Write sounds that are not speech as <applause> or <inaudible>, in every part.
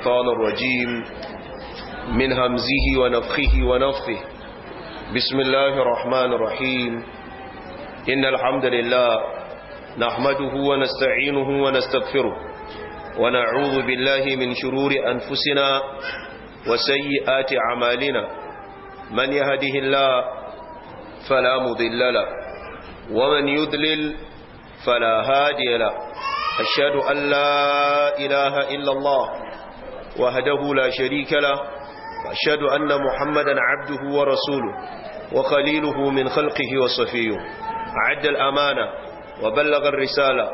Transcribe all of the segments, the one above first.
الشيطان الرجيم من همزه ونفخه ونفخه بسم الله الرحمن الرحيم إن الحمد لله نحمده ونستعينه ونستغفره ونعوذ بالله من شرور أنفسنا وسيئات أعمالنا من يهده الله فلا مضل له ومن يذلل فلا هادي له أشهد أن لا إله إلا الله وهده لا شريك له وأشهد أن محمدا عبده ورسوله وخليله من خلقه وصفيه أعد الأمانة وبلغ الرسالة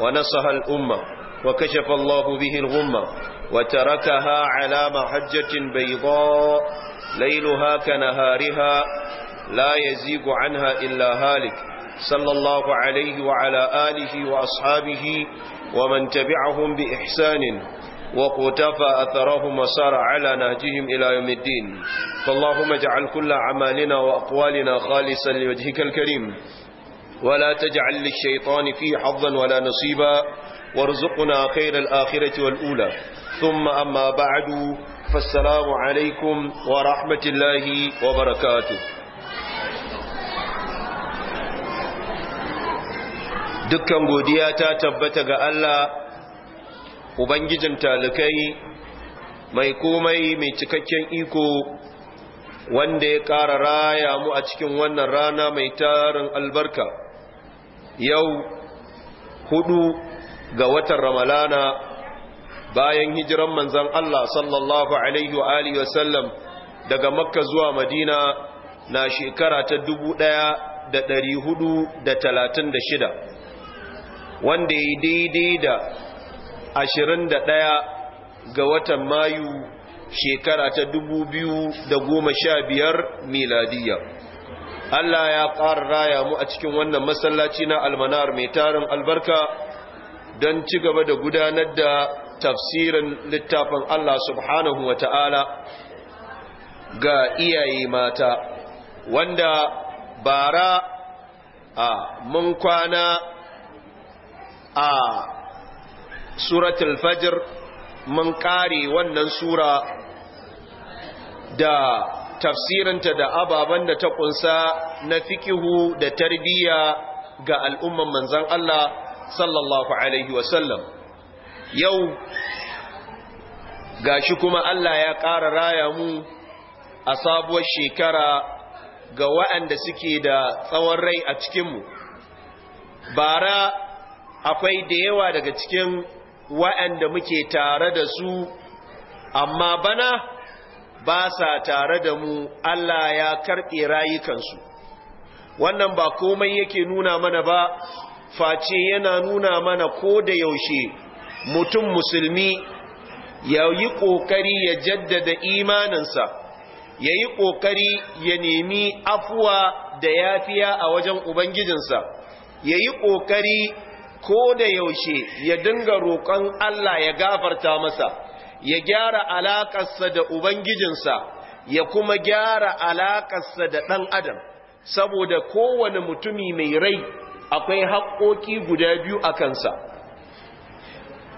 ونصح الأمة وكشف الله به الغمة وتركها على محجة بيضاء ليلها كنهارها لا يزيغ عنها إلا هالك صلى الله عليه وعلى آله وأصحابه ومن تبعهم بإحسان وقتفى أثرهم وسار على ناجهم إلى يوم الدين فاللهم اجعل كل عمالنا وأقوالنا خالصا لوجهك الكريم ولا تجعل للشيطان فيه حظا ولا نصيبا وارزقنا خير الآخرة والأولى ثم أما بعد فالسلام عليكم ورحمة الله وبركاته دكا godiya ta tabbata ga Allah ubangijin talikai mai komai mai cikakken iko wanda ya ƙara raya mu a cikin wannan rana mai tarin albarka yau hudu ga watan ramalana bayan hijiran manzan Allah sallallahu alaihi wa alihi wa daga makka zuwa madina na shekara ta dubu ɗaya da ɗari hudu talatin shida, wanda ya daidai da Ashirin da ɗaya ga watan mayu shekara ta da goma sha biyar miladiyya. Allah ya ƙara raya mu a cikin wannan masallaci na almanar mai tarin albarka don ci gaba da gudanar da tafsirin littafin Allah subhanahu wa ta'ala ga iyaye mata wanda bara a mun kwana a suratul fajr mun kare wannan sura da tafsirinta da ababen da ta kunsa na fikihu da tarbiyya ga al'umman manzan Allah sallallahu alaihi wasallam yau gashi kuma Allah ya ƙara raya mu a sabuwar shekara ga waɗanda suke da tsawon rai a cikinmu bara akwai da yawa daga cikin wa'anda muke tare da su amma bana ba sa tare da mu Allah ya karɓe rayukansu wannan ba komai yake nuna mana ba face yana nuna mana ko da yaushe mutum musulmi ya yi ƙoƙari ya jaddada imaninsa ya yi ƙoƙari ya nemi afuwa da yafiya a wajen ubangijinsa ya yi ƙoƙari ko da yaushe ya dinga roƙon Allah ya gafarta masa ya gyara alaƙarsa da ubangijinsa ya kuma gyara alaƙarsa da ɗan adam saboda kowane mutumi mai rai akwai haƙoƙi guda biyu a kansa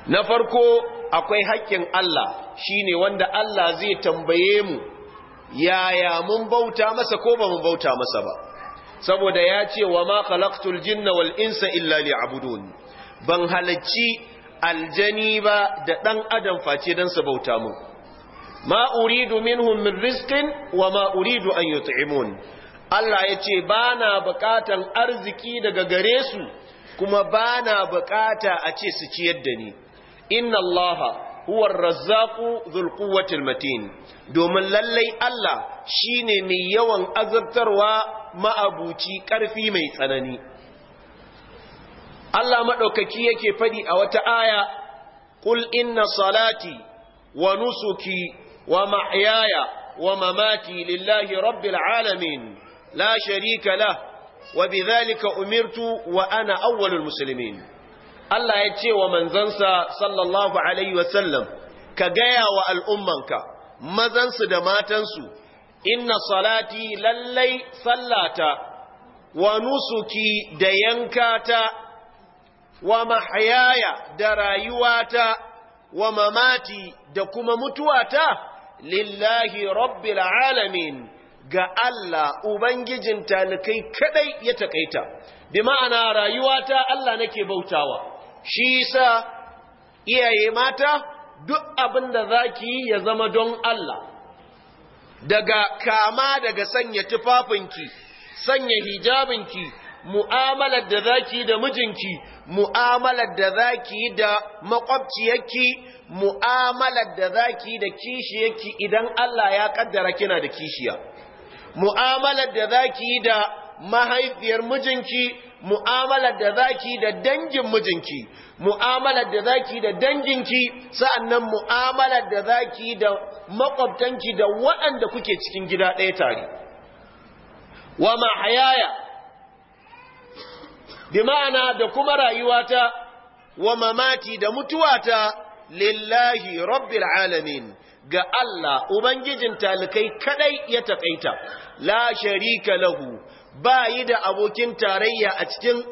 na farko akwai haƙƙin Allah shine wanda Allah zai tambaye mu yaya mun bauta masa ko ba mun bauta masa ba saboda ya ce wa ma khalaqtul jinna wal insa illa liya'budun ban halacci aljani ba da dan adam face dan su bauta mu ma uridu minhum min rizqin wa ma uridu an yut'imun Allah ya ce ba na bukatan arziki daga gare su kuma ba na bukata a ce su ciyar da ni inna allaha huwa razzaku dhul quwwatil matin domin lallai Allah shine mai yawan azabtarwa ma'abuci ƙarfi mai tsanani Allah maɗaukaki yake faɗi a wata aya ƙul inna salati wa nusuki wa ma'yaya wa mamati lillahi rabbil alamin la sharika la" wa bidhalika umirtu wa ana awwalul musulmin. Allah ya ce wa manzansa sallallahu alaihi wasallam ka gaya wa al'ummanka mazansu da matansu inna salati lallai sallata wa nusuki da yankata wa mahayaya da rayuwata wa mamati da kuma mutuwata lillahi rabbil alamin ga Allah ubangijin talikai kadai ya takaita bi ma'ana rayuwata Allah nake bautawa shi yasa iyaye mata duk abinda da zaki ya zama don Allah daga kama daga sanya tufafinki sanya hijabinki mu'amalar da zaki da mijinki mu'amalar da zaki da makwabciyarki mu'amalar da zaki da kishiyarki idan Allah ya kaddara kina da kishiya mu'amalar da zaki da mahaifiyar mijinki mu'amalar da zaki da dangin mijinki mu'amalar da zaki da danginki sa'annan mu'amalar da zaki da makwabtanki da waɗanda kuke cikin gida ɗaya tare wa ma hayaya bi ma'ana da kuma rayuwata wa mamati da mutuwata lillahi rabbil alamin ga Allah ubangijin talikai kadai ya taƙaita la sharika lahu ba yi da abokin tarayya a cikin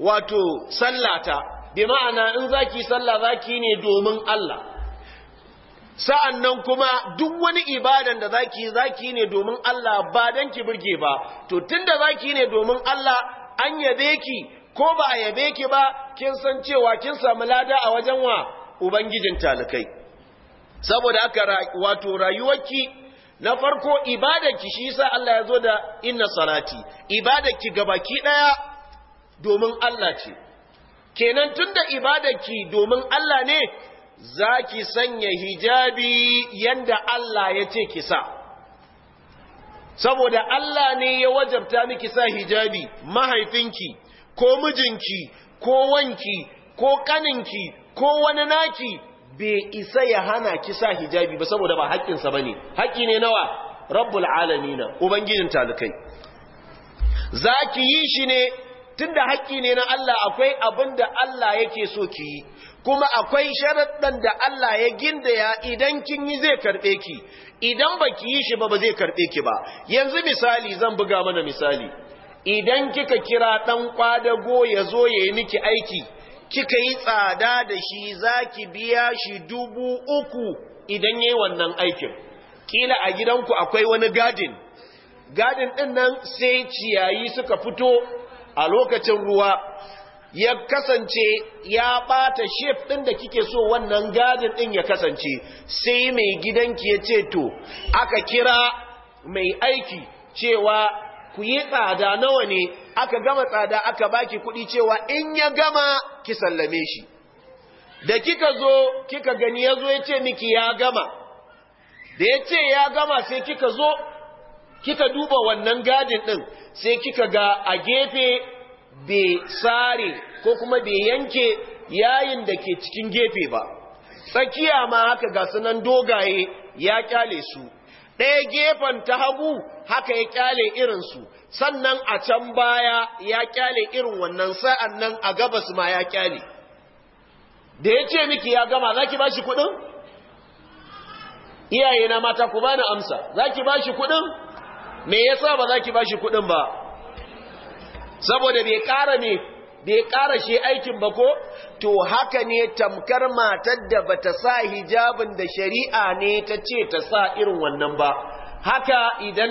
wato sallata bi ma'ana in zaki sallah ki ne domin Allah sa'an nan kuma duk wani ibadan da zaki ki ne domin Allah ba don ki birge ba to tun tunda zaki ne domin Allah an yabe ki ko ba a yabe ki ba kin san cewa kin samu lada a wajen wa ubangijin talikai saboda aka wato rayuwarki na farko ibadarki shi sa Allah ya zo da inna salati ibadarki gabaki daya domin Allah ce kenan tunda ibadarki domin Allah ne zaki sanya hijabi yanda Allah ya ce ki sa saboda Allah ne ya wajabta miki sa hijabi mahaifinki ko mijinki ko wanki ko kaninki ko wani naki bai isa ya hana ki sa hijabi ba saboda ba haƙƙinsa ba ne haƙƙi ne nawa rabbul alamina ubangijin talikai za ki yi shi ne tun da haƙƙi ne na Allah akwai abin da Allah yake so ki yi kuma akwai sharaɗin da Allah ya gindaya idan kin yi zai karɓe ki idan ba ki yi shi ba ba zai karɓe ki ba yanzu misali zan buga mana misali idan kika kira ɗan ƙwadago ya zo ya yi miki aiki kika yi tsada da shi za ki biya shi dubu uku idan yi wannan aikin kila a gidanku akwai wani gadin. Gadin ɗin nan sai ciyayi suka fito a lokacin ruwa ya kasance ya ɓata shef ɗin da kike so wannan gadin ɗin ya kasance sai mai gidanki ya ce to aka kira mai aiki cewa ku yi tsada nawa ne aka gama tsada aka baki kuɗi cewa in ya gama ki sallame shi da kika zo kika gani ya zo ya ce miki ya gama da ya ce ya gama sai kika zo kika duba wannan gadin ɗin sai kika ga a gefe bai sare ko kuma bai yanke yayin da ke cikin gefe ba tsakiya ma haka ga sunan dogaye ya kyale su ɗaya gefen ta hagu haka ya kyale irinsu sannan a can baya ya kyale irin wannan sa'an nan a gabas ma ya kyale da ya ce miki ya gama za ki ba shi kudin? iyaye na mata ku bani amsa za ki ba shi kudin? me yasa ba za ki ba shi kudin ba saboda bai kara ne bai ƙara shi aikin ba ko to haka ne tamkar matar da bata sa hijabin da shari'a ne ta ce ta sa irin wannan ba haka idan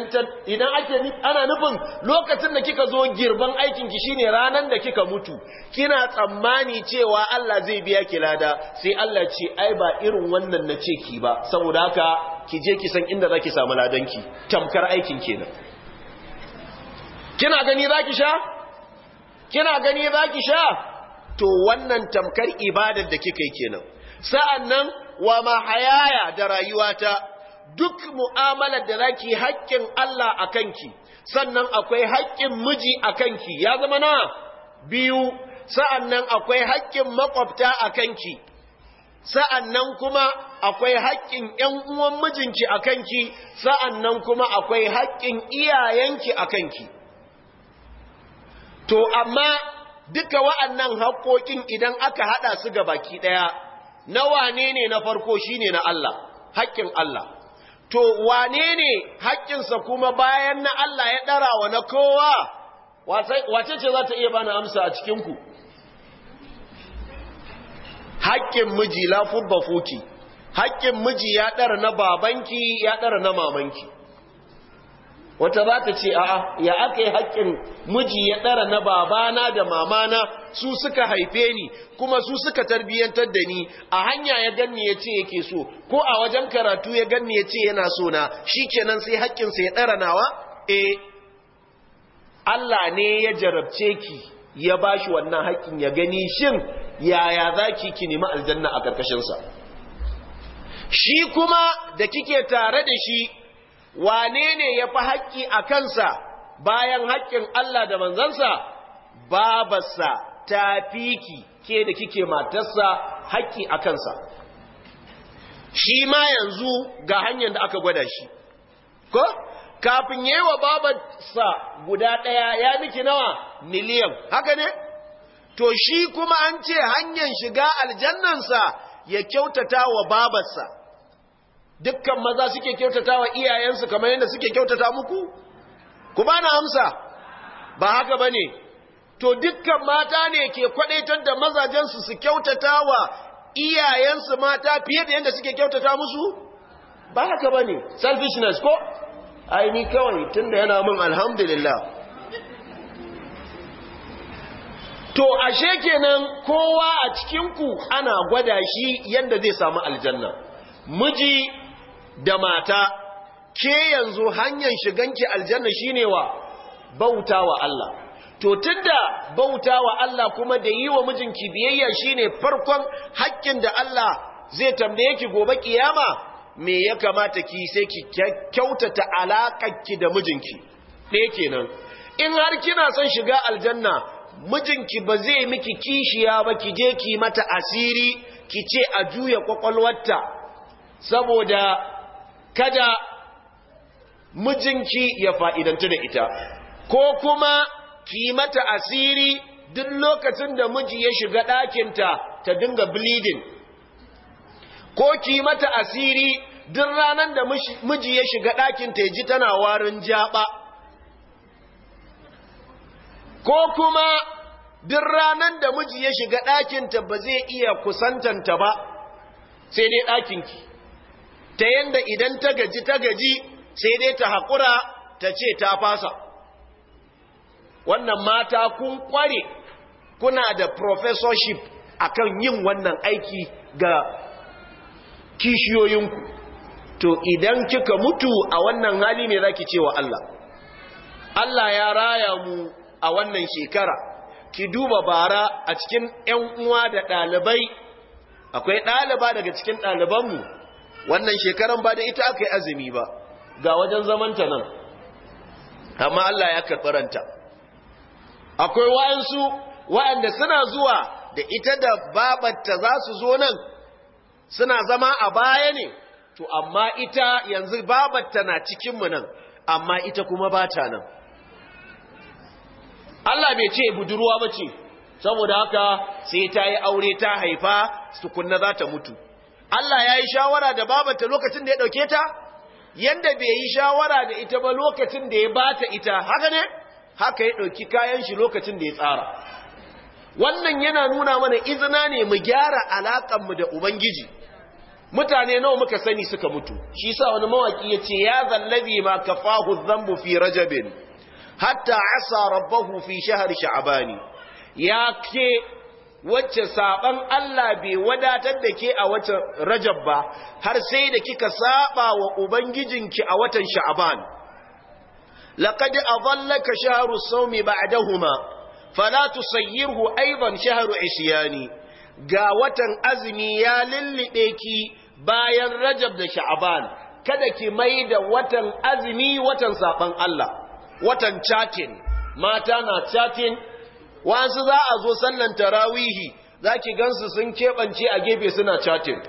ake ana nufin lokacin da kika zo girban aikinki shine ranan da kika mutu kina tsammani cewa Allah zai biya ki lada sai Allah ce ai ba irin wannan na ce ki ba saboda haka ki je ki san inda zaki samu ladan ki tamkar aikin kenan kina gani zaki sha kina gani zaki sha to wannan tamkar ibadar da kika yi kenan sa'annan wa ma hayaya da rayuwata duk mu'amalar da zaki haƙƙin Allah a kanki sannan akwai haƙƙin miji a kanki ya zama na biyu sa'annan akwai haƙƙin maƙwabta a kanki sa'annan kuma akwai haƙƙin ‘yan uwan mijinki a kanki sa'annan kuma akwai haƙƙin iyayenki a kanki to amma duka wa'annan haƙƙoƙin idan aka haɗa su ga baki ɗaya na wane ne na farko shine na Allah haƙƙin Allah to wane ne haƙƙinsa kuma bayan na Allah ya ɗara wa na kowa wace ce za ta iya bani amsa a cikinku haƙƙin miji lafubba fuki haƙƙin miji ya ɗara na babanki ya ɗara na mamanki wata za ta ce a'a ya aka yi haƙƙin miji ya ɗara na babana da mamana su suka haife ni kuma su suka tarbiyyantar da ni a hanya ya ganni ya ce yake so ko a wajen karatu ya ganni ya ce yana so na shi kenan sai haƙƙinsa ya ɗara nawa e Allah ne ya jarabce ki ya ba shi wannan haƙƙin ya gani shin yaya za ki ki nemi aljanna a ƙarƙashinsa shi kuma da kike tare da shi wane ne ya fi haƙƙi a kansa bayan haƙƙin Allah da manzansa babarsa ta fi ki ke da kike matarsa haƙƙi a kansa shi ma yanzu ga hanyar da aka gwada shi ko kafin yi wa babarsa guda ɗaya ya miki nawa miliyan haka ne to shi kuma an ce hanyar shiga aljannansa ya kyautata wa babarsa dukkan maza suke kyautata wa iyayensu kamar yadda suke kyautata muku ku ba na amsa ba haka ba ne to dukkan mata ne ke kwadaitar da mazajensu su kyautata wa iyayensu mata fiye da yadda suke kyautata musu ba haka ba ne selfishness ko aini kawai tun da yana min alhamdulillah to ashe kenan kowa a cikinku ana gwada shi yadda zai samu aljanna miji da mata ke yanzu hanyar shiganki aljanna shine wa wa Allah to tunda bauta wa Allah kuma da yi wa mijinki biyayya shine farkon haƙƙin da Allah zai tambaye ki gobe kiyama me ya kamata ki sai ki kyautata alaƙarki da mijinki Ne kenan in har kina son shiga aljanna mijinki ba zai miki kishiya ba ki je ki mata asiri ki ce a juya kwakwalwarta saboda kada mijinki ya fa'idantu da ita ko kuma ki mata asiri duk lokacin da miji ya shiga ɗakinta ta dinga bleeding ko ki mata asiri duk ranar da miji ya shiga ɗakinta ya ji tana warin jaɓa ko kuma duk ranar da miji ya shiga ɗakinta ba zai iya kusantanta ba sai dai ɗakinki ta yanda idan ta gaji ta gaji sai dai ta haƙura ta ce ta fasa wannan mata kun kware kuna da professorship kan yin wannan aiki ga kishiyoyinku to idan kika mutu a wannan hali ne za ce wa Allah Allah ya raya mu a wannan shekara ki duba bara a cikin 'yan uwa da ɗalibai akwai ɗaliba daga cikin ɗalibanmu wannan shekaran ba da ita aka yi azumi ba ga wajen zamanta nan amma Allah ya karɓaranta. akwai wa'ansu wa'anda suna zuwa da ita da babarta za su zo nan suna zama a baya ne to amma ita yanzu babarta na cikinmu nan amma ita kuma ba ta nan Allah bai ce budurwa ba ce saboda haka sai ta yi aure ta haifa su kunna za ta mutu Allah ya yi shawara da babanta lokacin da ya ɗauke ta yadda bai yi shawara da ita ba lokacin da ya bata ita haka ne haka ya ɗauki kayan shi lokacin da ya tsara wannan yana nuna mana izina ne mu gyara alaƙanmu da ubangiji mutane nawa muka sani suka mutu shi sa wani mawaki ya ce ya zallabi ma kafahu zambu fi rajabin hatta asa rabbahu fi shahar sha'abani ya ke wacce saban Allah bai wadatar da ke a watan Rajab ba har sai da kika saba wa ubangijin ki a watan Sha'ban laqad adallaka shahru sawmi ba'dahuma fala tusayyirhu aidan shahru isyani ga watan azumi ya lullube ki bayan Rajab da Sha'ban kada ki mai da watan azumi watan saban Allah watan chatin mata na chatin wasu za a zo sannan tarawihi za ki gansu sun keɓance a gefe suna chatin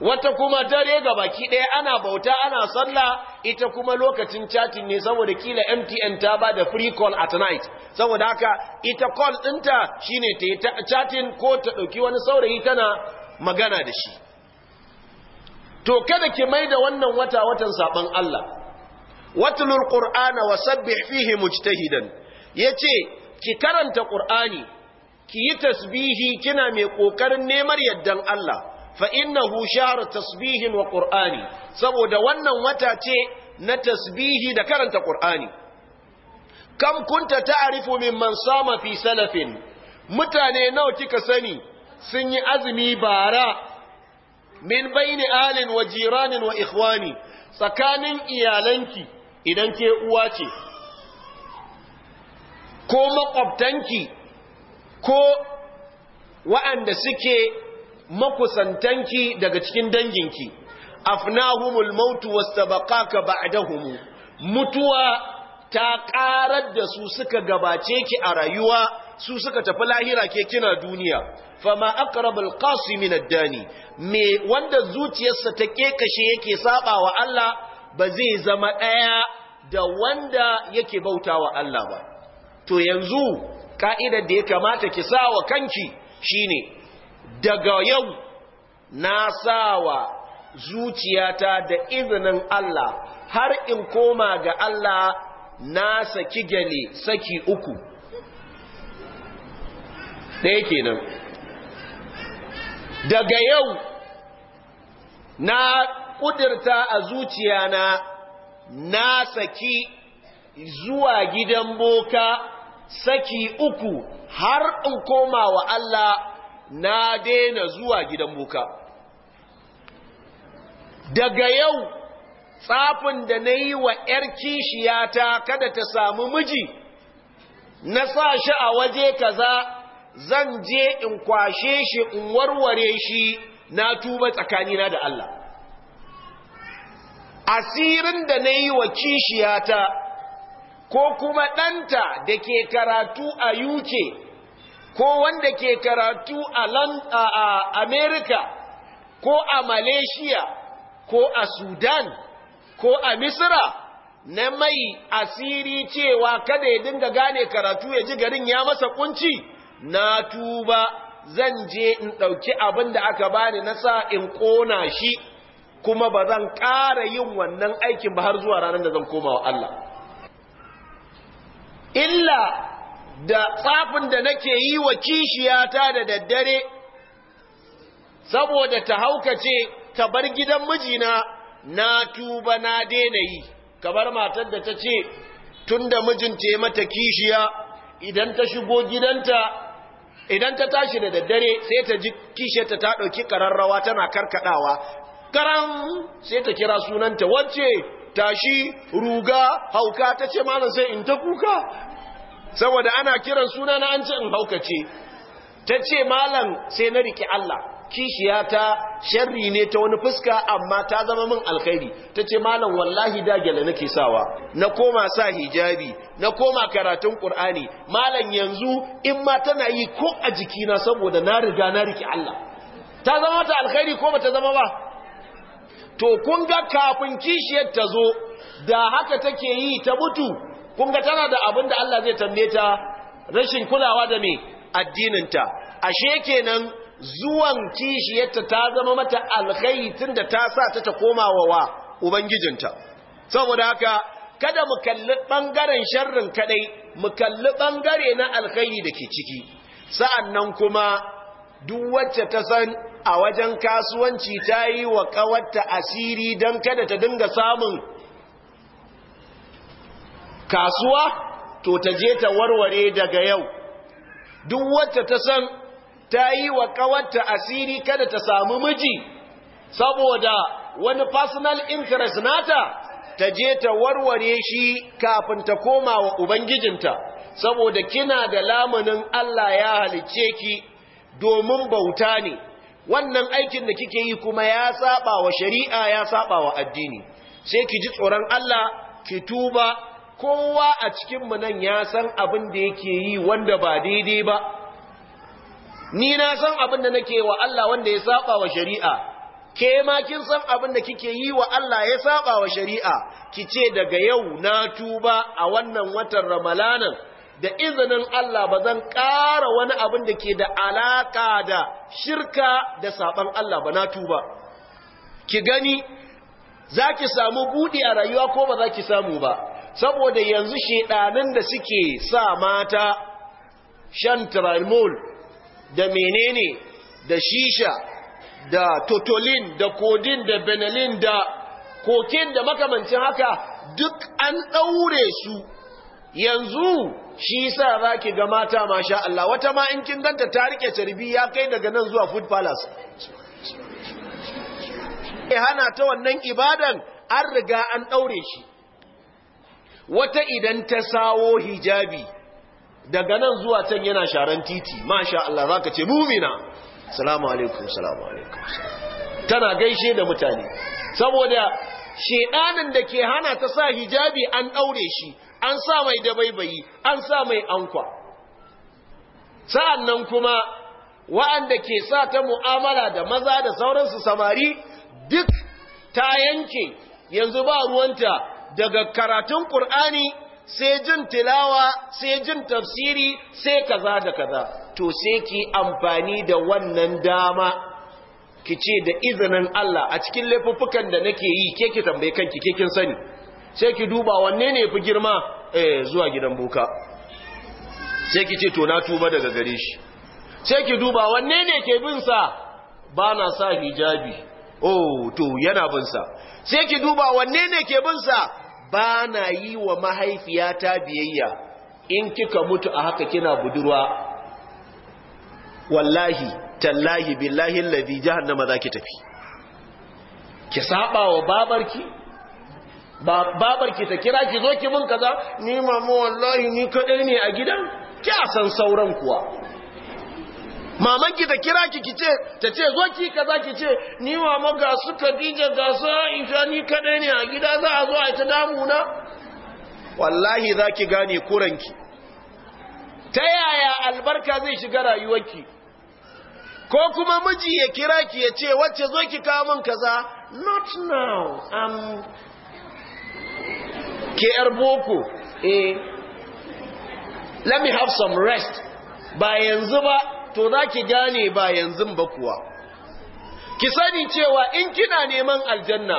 wata kuma dare ga baki ɗaya ana bauta ana sallah ita kuma lokacin chatin ne saboda kila mtn ta ba da free call at night saboda haka ita call ɗinta shine ta yi chatin ko ta ɗauki wani saurayi tana magana da shi to kada ki mai da wannan wata watan sabon Allah watlul qur'ana wasabbih fihi mujtahidan yace ki karanta qur'ani ki yi tasbihi kina mai kokarin neman yaddan Allah fa innahu shahr tasbihin wa qur'ani saboda wannan wata ce na tasbihi da karanta qur'ani kam kunta ta'rifu man sama fi salafin mutane nawa kika sani sun yi azumi bara min baini alin wa jiranin wa ikhwani tsakanin iyalanki idan ke uwa ce ko makwabtanki ko wa'anda suke makusantanki daga cikin danginki afnahumul mautu ba a mutuwa ta ƙarar da su suka gabace ki a rayuwa su suka tafi lahira ke kina duniya fama akarabal qasi min me wanda zuciyarsa ta kashe yake saba wa Allah ba zai zama ɗaya da wanda yake bauta wa Allah ba to yanzu ka'idar da ya kamata ki sa wa kanki shine daga yau na sa wa zuciyata da izinin Allah har in koma ga Allah na saki gyale saki uku ɗaya kenan daga yau na ƙudurta a zuciyana na saki zuwa gidan boka saki uku har in koma wa Allah na daina zuwa gidan buka daga yau tsafin da na yi wa ‘yar kishiyata kada ta samu miji na sa shi a waje kaza zan je in kwashe shi in warware shi na tuba tsakanina da Allah asirin da na yi wa kishiyata ko kuma ɗanta da ke karatu a UK ko wanda ke karatu a Amerika ko a Malaysia ko a Sudan ko a Misra na mai asiri cewa kada ya dinga gane karatu ya ji garin ya masa kunci na tuba zan je in ɗauki abin da aka bani na sa in ƙona shi kuma ba zan ƙara yin wannan aikin ba har zuwa ranar da zan koma wa Allah illa da tsafin da nake yi wa kishiyata da daddare saboda ta haukace ta bar gidan mijina na tuba na daina yi kamar matar da ta ce tun da mijinta mata kishiya idan ta shigo gidanta idan ta tashi da daddare sai ta ji kishiyarta ta ɗauki ƙararrawa tana karkaɗawa karan sai ta kira sunanta wacce tashi ruga hauka ta ce malam sai in ta kuka saboda ana kiran suna na an ce in haukace ta ce malam sai na rike Allah kishiya ta sharri ne ta wani fuska amma ta zama min alkhairi ta ce malam wallahi dagela nake sawa na koma sa hijabi na koma karatun qur'ani malam yanzu in ma tana yi ko a jikina saboda na riga na rike Allah ta zama ta alkhairi ko ba ta zama ba to kun ga kafin kishiyar ta zo da haka take yi ta mutu kun ga tana da abin da Allah zai tambaye ta rashin kulawa da mai addininta ashe kenan zuwan kishiyarta ta zama mata alkhairi tunda ta sa ta ta koma wa ubangijinta saboda haka kada mu kalli bangaren sharrin kadai mu kalli bangare na da ke ciki sa'annan kuma duk wacce ta san a wajen kasuwanci ta yi wa kawarta asiri don kada ta dinga samun kasuwa to ta je ta warware daga yau duk wacce ta san ta yi wa kawarta asiri kada ta samu miji saboda wani personal interest nata ta je ta warware shi kafin ta koma wa ubangijinta saboda kina da lamunin Allah ya halicce ki domin bauta ne wannan aikin da kike yi kuma ya saba wa shari'a ya saba wa addini sai ki ji tsoron Allah ki tuba kowa a cikin mu nan ya san abin da yake yi wanda ba daidai ba ni na san abin da nake wa Allah wanda ya saba wa shari'a ke ma kin san abin da kike yi wa Allah ya saba wa shari'a Ki ce daga yau na tuba a wannan watan ramalanan da izinin Allah ba zan ƙara wani abin da ke da alaƙa da shirka da saɓan Allah ba na tuba ki gani za ki samu buɗi a rayuwa ko ba za ki samu ba saboda yanzu shaiɗanin da suke sa mata shan tramol da menene da shisha da totolin da kodin da benelin da kokin da makamancin haka duk an ɗaure su yanzu shi sa za ki ga mata masha Allah wata ma in kin ganta ta rike carbi ya kai daga nan zuwa food palace ya hana ta wannan ibadan an riga an daure shi wata idan ta sawo hijabi daga nan zuwa can yana sharan titi masha Allah za ka ce mumina salamu alaikum salamu alaikum tana gaishe da mutane saboda shedanin da ke hana ta sa hijabi an daure shi an sa mai dabaibayi an sa mai ankwa sa'annan kuma wa'anda ke sa ta mu'amala da maza da sauransu samari duk ta yanke yanzu ba ruwanta daga karatun ƙur'ani sai jin tilawa sai jin tafsiri sai kaza da kaza to sai ki amfani da wannan dama ki ce da izinin Allah a cikin laifuffukan da nake yi ke ki tambaye kanki ke kin sani sai ki duba wanne ne fi girma eh zuwa gidan boka sai ki ce to na tuba daga gare shi sai ki duba wanne ne ke bin sa ba na sa hijabi oh to yana bin sa sai ki duba wanne ne ke bin sa ba na yi wa mahaifiyata biyayya in kika mutu a haka kina budurwa wallahi tallahi billahi allazi jahannama zaki tafi ki saba wa babarki babar ki ta kira ki zo ki mun kaza ni mama wallahi ni kadai ne a gidan ki san sauran kuwa maman ki ta kira ki ki ce ta ce zo ki kaza ki ce ni mama ga su Khadija ga su Aisha ni kadai ne a gida za a zo a ta damu na wallahi zaki gane kuranki ta yaya albarka zai shiga rayuwarki ko kuma miji ya kira ki ya ce wacce zo ki kawo mun kaza not now um, kiyar yar boko eh let me have some rest ba yanzu ba to za ki gane ba yanzu ba kuwa ki sani cewa in kina neman aljanna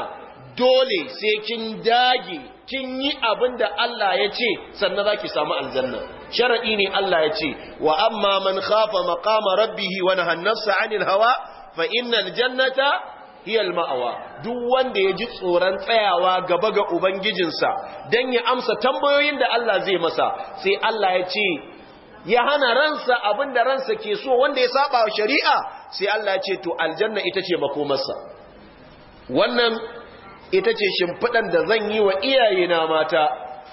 dole sai kin dage kin yi abin da Allah ya ce sannan za ki samu aljanna sharaɗi ne Allah ya ce wa amma man khafa maqama rabbihi wa nahannasa 'anil hawa fa innal jannata hiyal ma'awa duk wanda ya ji tsoron tsayawa gaba ga ubangijinsa don ya amsa tambayoyin da Allah zai masa sai Allah ya ce ya hana ransa abin da ransa ke so wanda ya saba wa shari'a sai Allah ya ce to aljanna ita ce makomarsa wannan ita ce shimfiɗan da zan yi wa iyayena mata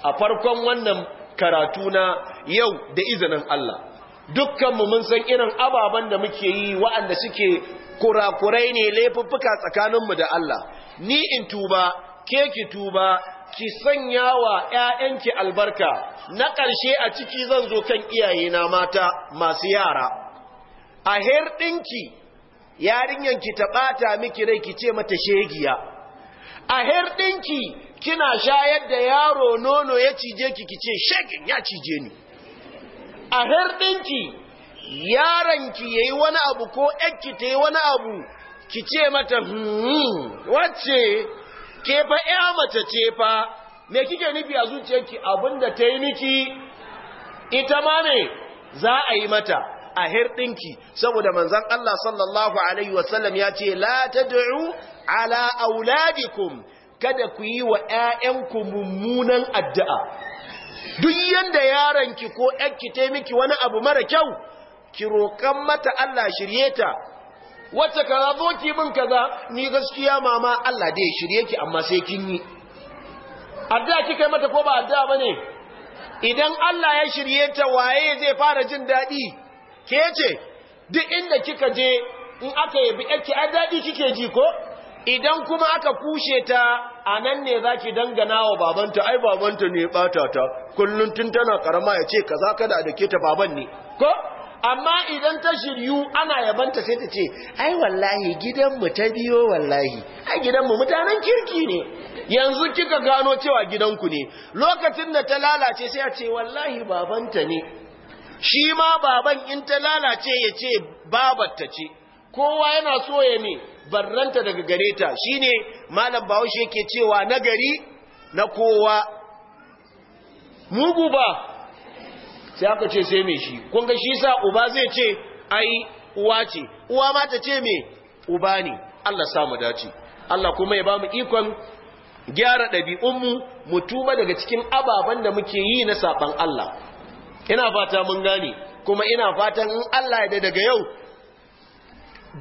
a farkon wannan karatu na yau da izinin Allah dukkanmu mun san irin ababen da muke yi wa'anda suke kurakurai ne laifuffuka tsakaninmu da Allah ni in tuba ke ki tuba ki sanya wa ‘ya'yanki albarka na ƙarshe a ciki zan zo kan iyayena mata masu yara a her herɗinki ki ta ɓata miki rai ki ce mata shegiya a ɗinki kina shayar da yaro nono ya cije ki ki ce shegin ya cije ni a hardinki yaranki yayi wani abu ko ƴakki ta yi wani abu ki ce mata hmm, wacce ke fa ƴa mace ce fa me kike nufi a zuciyarki abinda ta yi miki ita ma ne za a yi mata a ɗinki, saboda manzon Allah sallallahu alaihi wasallam ya ce la tad'u ala auladikum kada ku yi wa ‘ya'yanku mummunan addu'a, duk yanda yaranki ko ƴanki ta miki wani abu mara kyau ki roƙan mata Allah shirye ta wacce kaza zo ki min kaza ni gaskiya mama Allah dai shirye ki amma sai kin yi addu'a kai mata ko ba addu'a bane idan Allah ya shirye ta waye zai fara jin daɗi? ke ce duk inda kika je in aka yabi yake ai dadi kike ji ko idan kuma aka kushe ta a nan ne za ki dangana wa babanta ai babanta ne bata ta kullum tun tana karama ya ce kaza kada da ke ta baban ne ko amma idan ta shiryu ana yabanta sai ta ce ai wallahi gidanmu ta biyo wallahi ai gidanmu mutanen kirki ne yanzu kika gano cewa gidanku ne lokacin da ta lalace sai a ce wallahi babanta ne shi ma baban in ta lalace ya ce babatta ce kowa yana so ya ne barranta daga gare ta shi ne malam bahaushe ke cewa nagari na kowa mugu ba sai aka ce sai me shi kunga shi sa uba zai ce ai uwa ce uwa ma ta ce me uba ne Allah samu dace Allah kuma ya ba mu ikon gyara ɗabi'unmu mu tuba daga cikin ababen da muke yi na saɓan Allah ina fata mun gane kuma ina fatan in Allah ya daga yau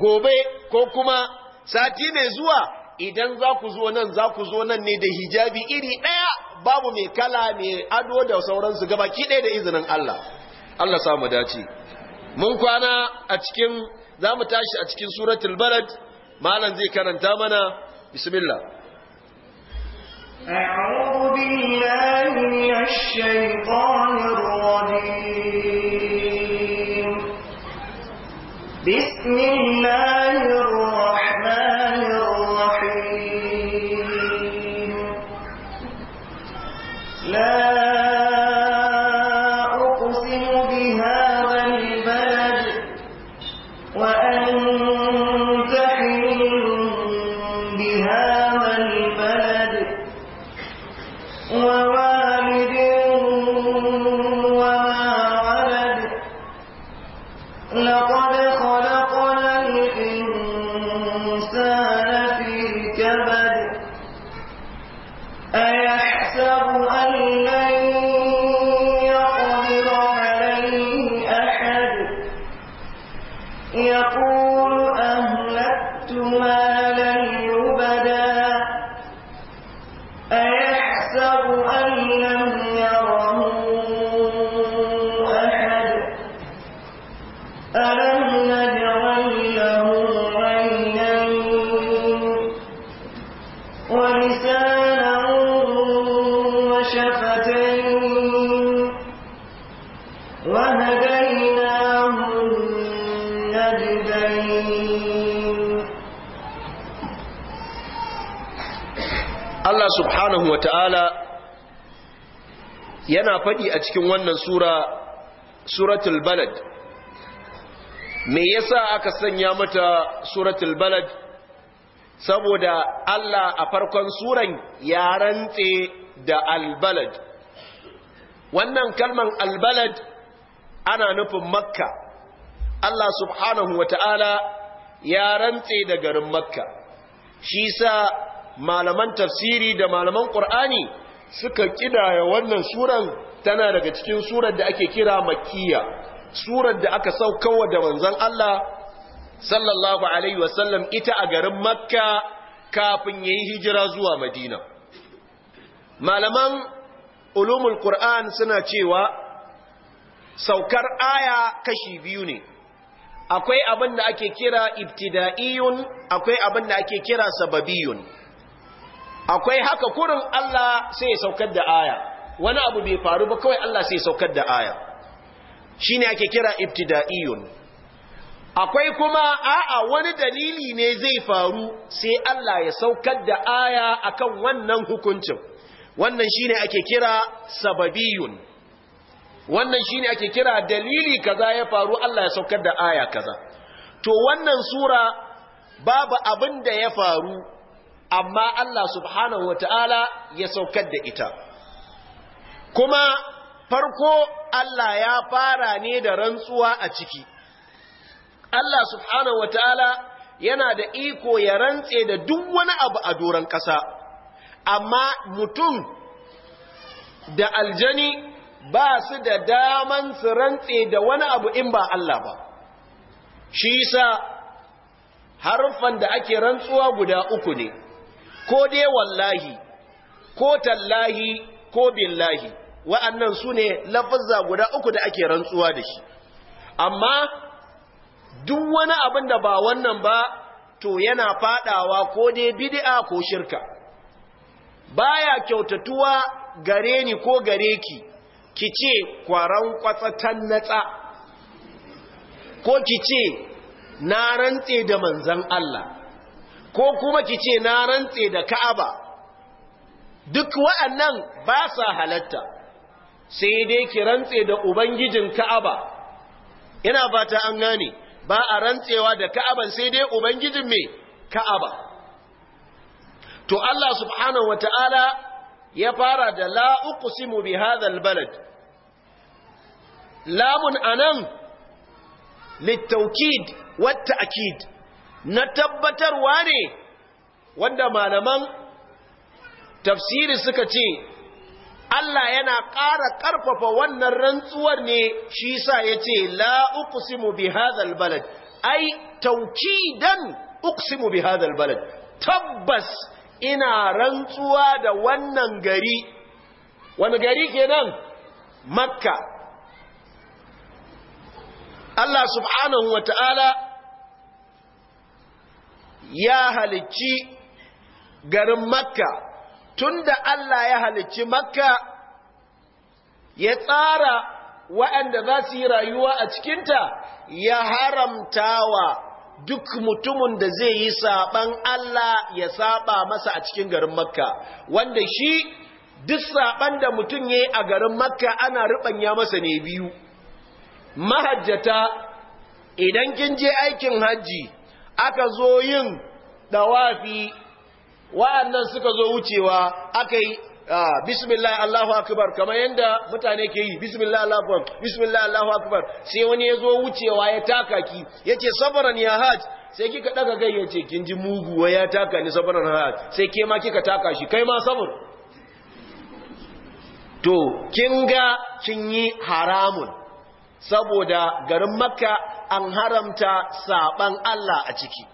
gobe ko kuma sati mai zuwa idan za ku zo nan za ku zo nan ne da hijabi iri ɗaya babu mai kala mai ado da sauransu gaba ɗaya da izinin Allah Allah samu dace mun kwana a cikin za mu tashi a cikin suratul balad malam zai karanta mana bismillah أعوذ بالله من الشيطان الرجيم بسم الله الرحمن Allah subhanahu wa ta'ala yana faɗi a cikin wannan sura suratul balad me yasa aka sanya mata suratul balad saboda Allah a farkon suran ya rantse da albalad wannan kalman albalad ana nufin makka Allah subhanahu wa ta'ala ya rantse da garin makka shi sa malaman tafsiri da malaman ƙur'ani suka kidaya wannan suran tana daga cikin surar da ake kira makkiya surar da aka saukawa da manzon Allah sallallahu alaihi wasallam ita a garin makka kafin yayi hijira zuwa madina malaman ulumul qur'an suna cewa saukar aya kashi biyu ne akwai abin da ake kira ibtida'iyun akwai abin da ake kira sababiyun akwai haka kurin Allah sai ya saukar da aya wani abu bai faru ba kawai Allah sai ya saukar da aya Shi ne ake kira ibtida'iyun akwai kuma a'a wani dalili ne zai faru sai Allah ya saukar da aya akan wannan hukuncin wannan shi ne ake kira sababiyun wannan shi ne ake kira dalili kaza ya faru Allah ya saukar da aya kaza to wannan sura babu abin da ya faru amma Allah subhanahu wataala ya saukar da ita kuma farko Allah ya fara ne da rantsuwa a ciki Allah subhanahu wataala yana da iko ya rantse da duk wani abu a doron ƙasa amma mutum da aljani ba su da daman su rantse da wani abu in ba Allah ba shi yasa harfan da ake rantsuwa guda uku ne ko dai wallahi ko tallahi ko billahi wa'annan su ne lafazza guda uku da ake rantsuwa da shi amma duk wani abin da ba wannan ba to yana fadawa ko dai bid'a ko shirka baya kyautatuwa gare ni ko gare ki ki ce kwaran kwatsatan natsa ko ki ce na rantse da manzan Allah ko kuma ki ce na rantse da ka'aba duk wa'annan ba sa halatta sai dai ki rantse da ubangijin ka'aba ina fata an gane ba a rantsewa da ka'aban sai dai ubangijin me ka'aba to Allah subhanahu wata'ala ya fara da la uqsimu bi hadha balad lamun anan للتوكيد والتأكيد na tabbatarwa ne wanda malaman tafsiri suka ce Allah yana ƙara ƙarfafa wannan rantsuwar ne shi sa ya ce la bi hazal balad ai taukidan uqsimu bi hazal balad tabbas ina rantsuwa da wannan gari wani gari kenan makka Allah subhanahu wa ta'ala ya halicci garin makka tunda Allah ya halicci makka ya tsara waɗanda za su yi rayuwa a cikinta ya haramtawa duk mutumin da zai yi saɓan Allah ya saɓa masa a cikin garin makka wanda shi duk saɓan da mutum ya a garin makka ana ruɓanya masa ne biyu mahajjata idan kin je aikin hajji aka zo yin dawafi wa'annan suka zo wucewa aka yi ah, bismillah Allahu akubar kamar yadda mutane ke yi bismillah Allahu akubar bismillah Allahu akubar sai wani ya zo wucewa ya taka ki yace safaran ya hajj. sai kika daga gai yace kin ji mugu wa ya taka ni safaran hajj? sai ke ma kika taka shi kai ma safar to kin ga kin yi haramun saboda garin makka an haramta saban Allah a ciki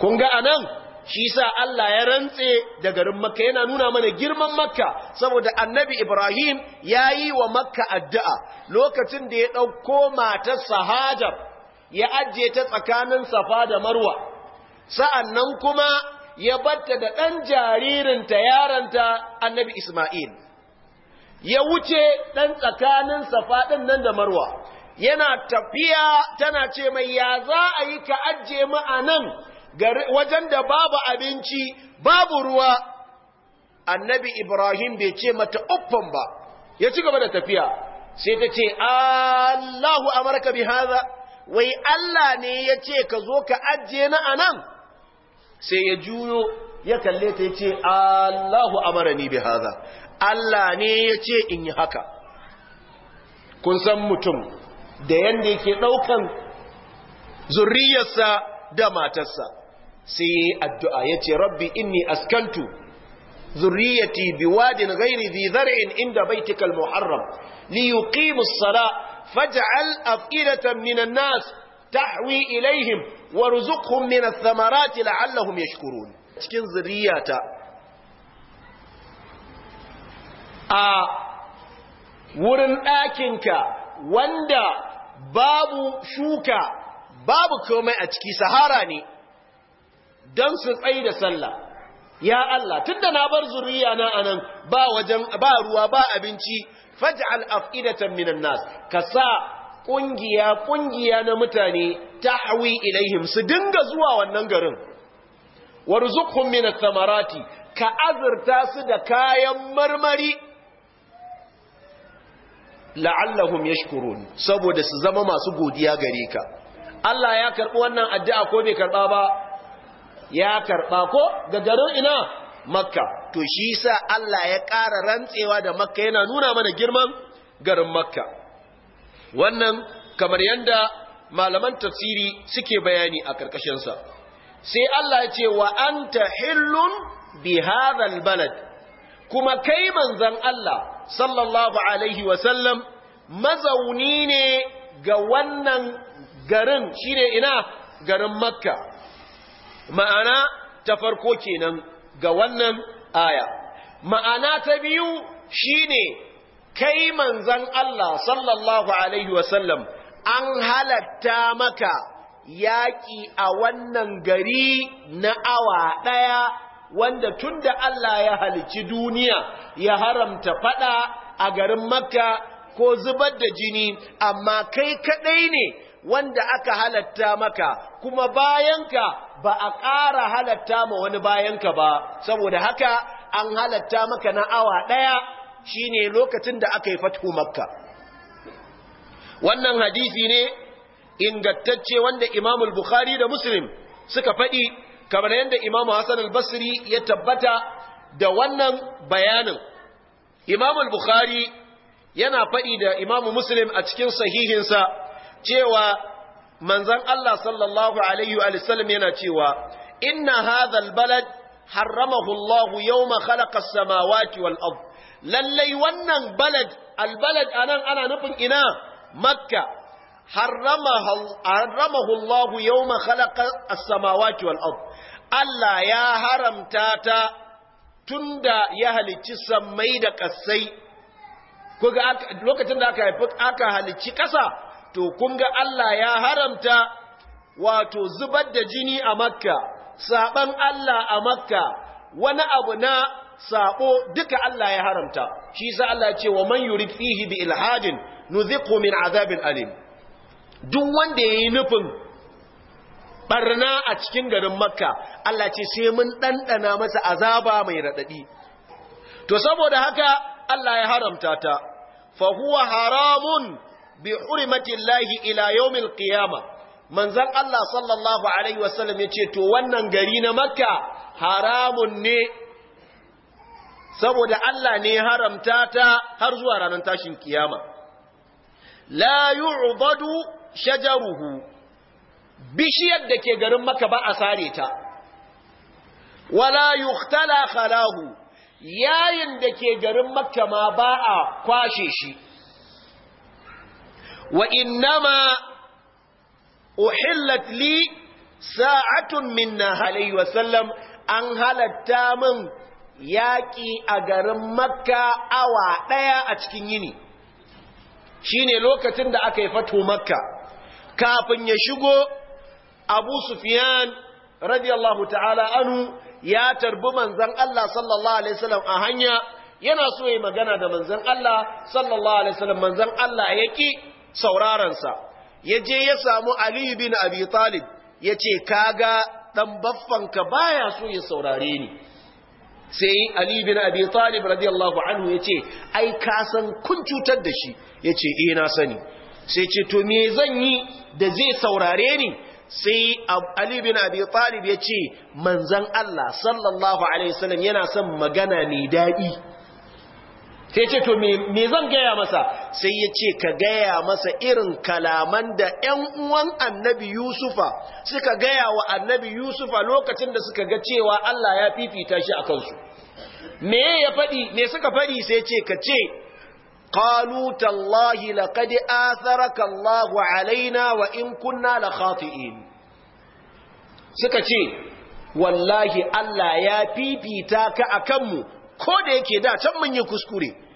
kun ga anan shi sa Allah ya rantse da garin makka yana nuna mana girman makka saboda annabi Ibrahim ya yi wa makka addu'a lokacin da ya ɗauko matarsa hajar ya ajiye ta tsakanin safa da marwa sa'an nan kuma ya batta da ɗan jaririnta yaranta annabi Ismail ya wuce ɗan tsakanin safaɗin nan da marwa yana tafiya tana ce mai ya za a yi ka ajiye mu a nan wajen da babu abinci babu ruwa annabi ibrahim bai ce mata uffan ba ya ci gaba da tafiya sai ta ce allahu amarka bi haza wai allah ne ya ce ka zo ka ajiye na a nan sai ya juyo ya kalle ta ya ce allahu amara ni bi haza Allah ne ya ce in yi haka kun san mutum da yadda yake ɗaukan zurriyarsa da matarsa sai yi addu'a ya ce rabbi inni askantu zuriyati biwadin ghairi zi zar'in inda baitikal muharram li yuqimu as-sala faj'al af'idatan minan nas tahwi ilaihim warzuqhum min ath-thamarati la'allahum A cikin zurriyata a wurin ɗakinka wanda babu shuka babu komai a ciki sahara ne don su tsaye da sallah ya Allah tunda na bar zuriya na anan ba wajen ba ruwa ba abinci faj'al af'idatan minan nas ka sa ƙungiya ƙungiya na mutane ta hawi ilaihim su dinga zuwa wannan garin warzuqhum min ath ka azurta su da kayan marmari la'allahum yashkurun saboda su zama masu godiya gare ka Allah ya karbi wannan addu'a ko bai karba ba ya karɓa ko ga garin ina makka to shi sa Allah ya ƙara rantsewa da makka yana nuna mana girman garin makka wannan kamar yanda malaman tafsiri suke bayani a ƙarƙashin sa sai Allah ya ce wa anta hillun bi hadha balad kuma kai manzon Allah sallallahu alaihi wasallam mazauni ne ga wannan garin shine ina garin makka ma'ana ta farko kenan ga wannan aya ma'ana ta biyu shi ne kai manzan Allah sallallahu alaihi wasallam an halatta maka yaƙi a wannan gari na awa ɗaya wanda tun da Allah ya halici duniya ya haramta fada a garin makka ko zubar da jini amma kai kadai ne wanda aka halatta maka kuma bayanka ba a ƙara halatta ma wani bayanka ba saboda haka an halatta maka na awa ɗaya shine lokacin da aka yi fathu makka wannan hadisi ne ingantacce wanda imamul bukhari da muslim suka faɗi kamar yadda imamu hassan al-basri ya tabbata da wannan bayanin imamu al-bukhari yana faɗi da imamu muslim a cikin sahihinsa cewa manzan allah sallallahu alaihi wasallam yana cewa inna hadha balad harramahu allah yawma khalaqa as-samawati wal lallai wannan balad al-balad anan ana nufin ina makka haramahu Allah yawma khalaqa as-samawati wal ard Allah ya haramta ta tunda ya halicci sammai da ƙasai. lokacin da aka haifi aka halicci ƙasa, to kun ga Allah ya haramta wato zubar da jini a Makka saɓan Allah a Makka wani abu na saɓo duka Allah ya haramta shi sa Allah ce wa man yuri fihi bi ilhadin nuziqu min azabin alim duk wanda ya yi nufin barna a cikin garin makka Allah ce sai mun ɗanɗana masa azaba mai raɗaɗi to saboda haka Allah ya haramta ta fa huwa haramun bi hurmatillahi ila yawmil qiyama manzon Allah sallallahu alaihi wasallam yace to wannan gari na makka haramun ne saboda Allah ne haramta ta har zuwa ranar tashin kiyama la yu'badu shajaruhu bishiyar da ke garin maka ba a sare ta wala yuktala khalahu yayin da ke garin maka ma ba a kwashe shi wa innama uhillat li sa'atun min nahali wa sallam an halatta min yaƙi a garin makka awa ɗaya a cikin yini shine lokacin da aka yi fatu makka kafin ya shigo abu sufiyan radiyallahu ta'ala anu ya tarbi manzan Allah sallallahu alaihi wasallam a hanya yana so yi magana da manzan Allah sallallahu alaihi wasallam manzan Allah ya ki saurarensa ya je ya samu Aliyu bin Abi Talib ya ce kaga dan baffanka baya so ya saurare ni sai Aliyu bin Abi Talib radiyallahu anhu ya ce ai ka san kun cutar da shi ya ce eh na sani sai ce to me zan yi da zai saurare ni sai Ali bin Abi Talib ya ce manzon Allah sallallahu alaihi wasallam yana son magana mai daɗi sai ce to me zan gaya masa sai ya ce ka gaya masa irin kalaman da 'yan uwan annabi Yusufa suka gaya wa annabi Yusufa lokacin da suka ga cewa Allah ya fifita shi a kansu me ya faɗi me suka faɗi sai ce ka ce قالوا تالله لقد آثرك الله علينا وإن كنا لخاطئين سكتي والله ألا يا فيفيتاك أكم كوديك دا تمن يكسكري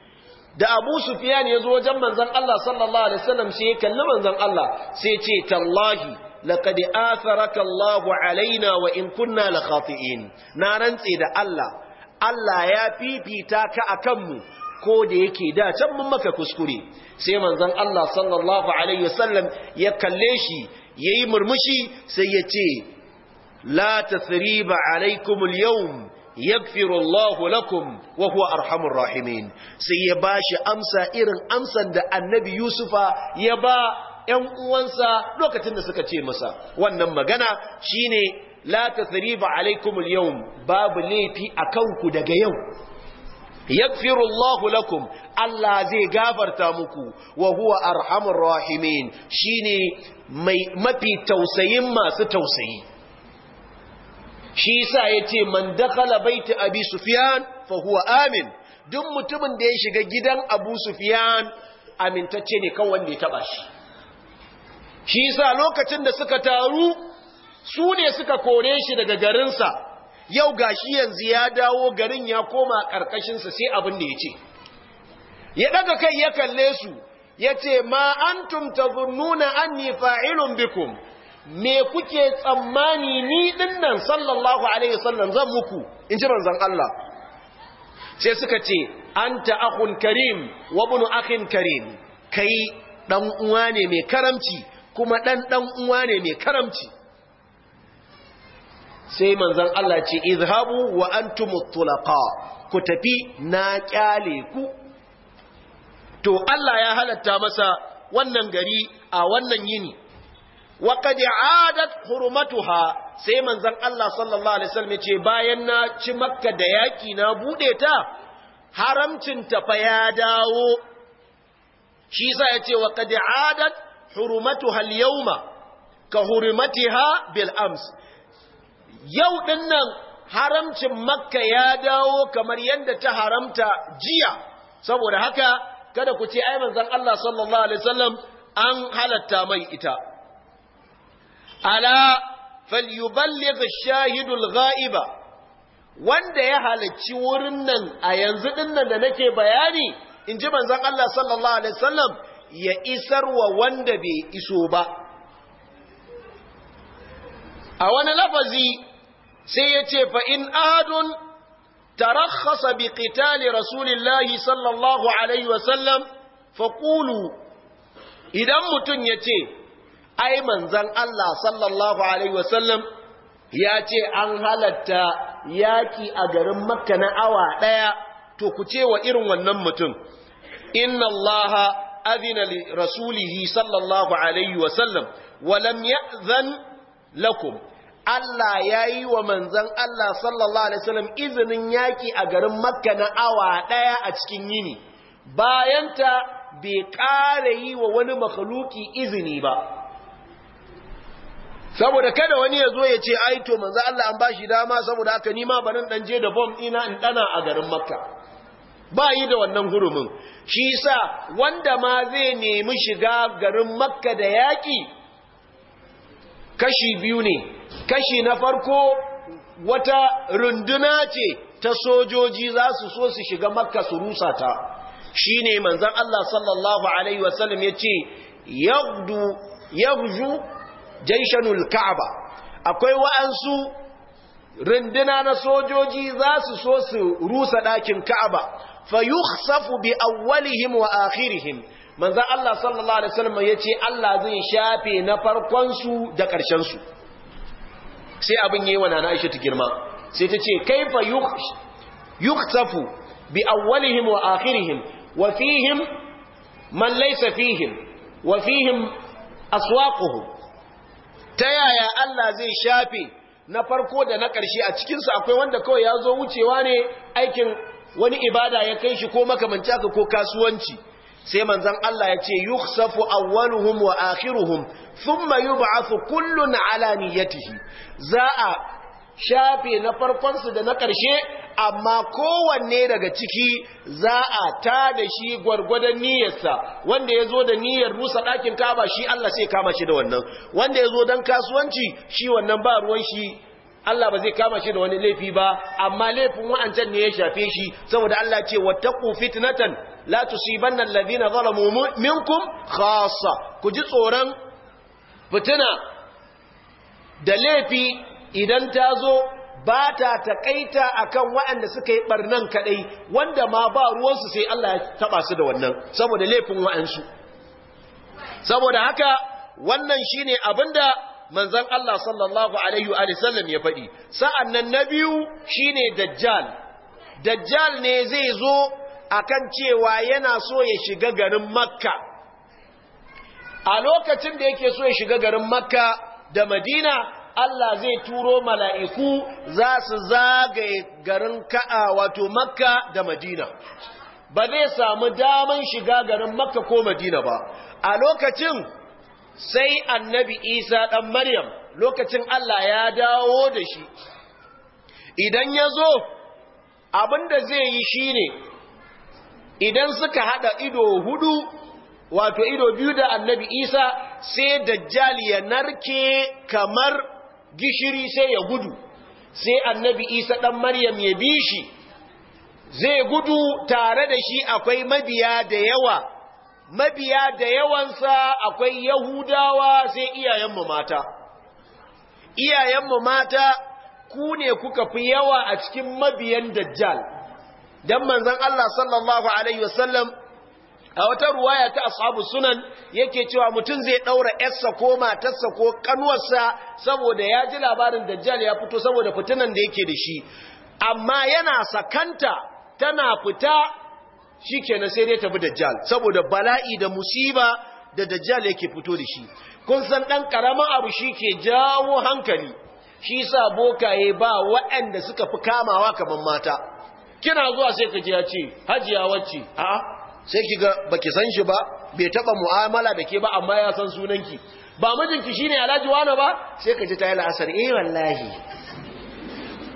da Abu Sufyan ya zo wajen manzon Allah sallallahu alaihi wasallam sai ya kalli manzon Allah sai ce tallahi laqad atharaka Allah alaina wa in kunna la khati'in na rantse da Allah Allah ya fifita ka akan mu ko da yake da can mun maka kuskure sai manzon Allah sallallahu alaihi wasallam ya kalle shi yayi murmushi sai ya ce la tasriba alaikum al yaghfiru Allahu lakum wa huwa arhamur rahimin sai ya bashi amsa irin amsan da annabi Yusufa ya ba ‘yan uwansa lokacin da suka ce masa wannan magana shine la tasriba alaikumul yawm babu laifi akan ku daga yau yaghfiru Allahu lakum Allah zai gafarta muku wa huwa arhamur rahimin shine mai mafi tausayin masu tausayi shi yasa yace man dakhala baiti abi sufyan fa huwa amin duk mutumin da ya shiga gidan abu sufyan amintacce ne kan wanda ya taba shi shi yasa lokacin da suka taru su ne suka kore shi daga garinsa yau gashi yanzu ya dawo garin ya koma ƙarƙashinsa sai abin da ya ce ya ɗaga kai ya kalle su ya ce ma an tumta an anni fa'ilun bikum me kuke tsammani ni dinnan sallallahu alaihi wasallam zan muku in ji manzon Allah sai suka ce an akhun karim wa ibn karim kai ɗan'uwa uwa ne mai karamci kuma ɗan ɗan uwa ne mai karamci sai manzan Allah ce izhabu wa antum tulaqa ku tafi na kyale ku to Allah ya halatta masa wannan gari a wannan yini wa qad aadat hurmatuha sai manzan Allah sallallahu alaihi wasallam ce bayan na ci makka da yaki na bude ta haramcin ta fa ya dawo shi sa yace wa qad aadat hurmatuha al-yawma ka hurmatiha bil ams yau nan haramcin makka ya dawo kamar yadda ta haramta jiya saboda haka kada ku ce ai zan Allah sallallahu alaihi wasallam an halatta mai ita ala falyuballigh ash-shahidul ghaiba wanda ya halacci wurin nan a yanzu dinnan da nake bayani inji manzon Allah sallallahu alaihi wasallam ya wa wanda bai iso ba a wani lafazi sai ya ce fa in ahadun tarakhasa bi qitali rasulillahi sallallahu alaihi wasallam fa qulu idan mutun yace ai manzon Allah sallallahu alaihi wasallam ya ce an halatta yaki a garin makka na awa daya to ku ce wa irin wannan mutum inna allaha adina li rasulihi sallallahu alaihi wasallam wa lam ya'zan lakum Allah ya yi wa manzan Allah sallallahu Alaihi wasallam izinin yaƙi a garin makka na awa ɗaya a cikin yini bayan ta bai ƙara yi wa wani makaluki izini ba saboda kada wani ya zo ya ce aito manzan Allah an bashi dama saboda aka nima barin ɗanje da bom ɗina in ɗana a garin makka ba yi da wannan hurumin shi sa wanda ma zai nemi shiga garin makka da yaƙi kashi biyu ne kashi na farko wata runduna ce ta sojoji za su so su shiga makka su rusa ta shi ne manzan Allah sallallahu Alaihi wasallam ya ce yagzu jaishanul ka'aba akwai wa'ansu runduna na sojoji za su so su rusa ɗakin ka'aba fayukhsafu bi awwalihim wa akhirihim manzan Allah sallallahu Alaihi wasallam ya ce Allah zai shafe na farkonsu da ƙarshensu sai abin yi wa nana Aisha ta girma sai ta ce kaifa yuktafu bi awwalihim wa akhirihim wa fihim man laysa fihim wa fihim aswaquhu ta yaya Allah zai shafe na farko da na karshe a cikinsu akwai wanda kawai yazo wucewa ne aikin wani ibada ya kai shi ko makamanci ko kasuwanci sai manzon Allah ya ce yukhsafu awwaluhum wa akhiruhum thumma yub'athu kullun ala niyyatihi za a shafe na farkon su da na ƙarshe amma kowanne daga ciki za a ta da shi gwargwadon niyyarsa wanda ya zo da niyyar rusa ɗakin kaba shi Allah sai kama shi da wannan wanda ya zo don kasuwanci shi wannan ba ruwan shi Allah ba zai kama shi da wani laifi ba amma laifin wa'ancan ne ya shafe shi saboda Allah ce wattaqu fitnatan la tusibanna alladhina zalamu minkum khassa ku ji tsoron fitina da laifi idan ta zo ba ta takaita akan waɗanda suka yi barnan kadai wanda ma ba ruwansu sai Allah ya taba su da wannan saboda laifin wa'ansu saboda haka wannan shine abinda manzon Allah sallallahu alaihi wa sallam ya faɗi nan na biyu shi shine dajjal dajjal ne zai zo a kan cewa yana so ya shiga garin makka a lokacin da yake so ya shiga garin makka da madina Allah zai turo mala'iku za su zagaye garin ka'a wato makka da madina ba zai samu daman shiga garin makka ko madina ba a lokacin sai annabi isa ɗan maryam lokacin Allah ya dawo da shi idan ya zo abinda zai yi shi ne idan suka haɗa ido hudu wato ido biyu da annabi isa sai dajjali ya narke kamar gishiri sai ya gudu sai annabi isa ɗan maryam ya bi shi zai gudu tare da shi akwai mabiya da yawa mabiya da yawansa akwai yahudawa sai iyayenmu mata iyayenmu mata ku ne kuka fi yawa a cikin mabiyan dajjal dan manzon Allah sallallahu alaihi wasallam a wata ruwaya ta ashabu sunan yake cewa mutum zai daura yarsa ko matarsa ko kanuwarsa saboda ya ji labarin dajjal ya fito saboda fitinan da yake da shi amma yana sakanta tana fita shi kenan sai dai tafi dajjal saboda bala'i da musiba da dajjal yake fito da shi kun san dan karaman abu shi ke jawo hankali shi sa bokaye ba waɗanda suka fi kamawa kamar mata kina zuwa sai ka ji ya ce hajiya wacce a sai ki ga ba ki san shi ba bai taba mu'amala da ke ba amma ya san sunanki ba mijinki shine alhaji wani ba sai ka ji ta yi la'asar eh wallahi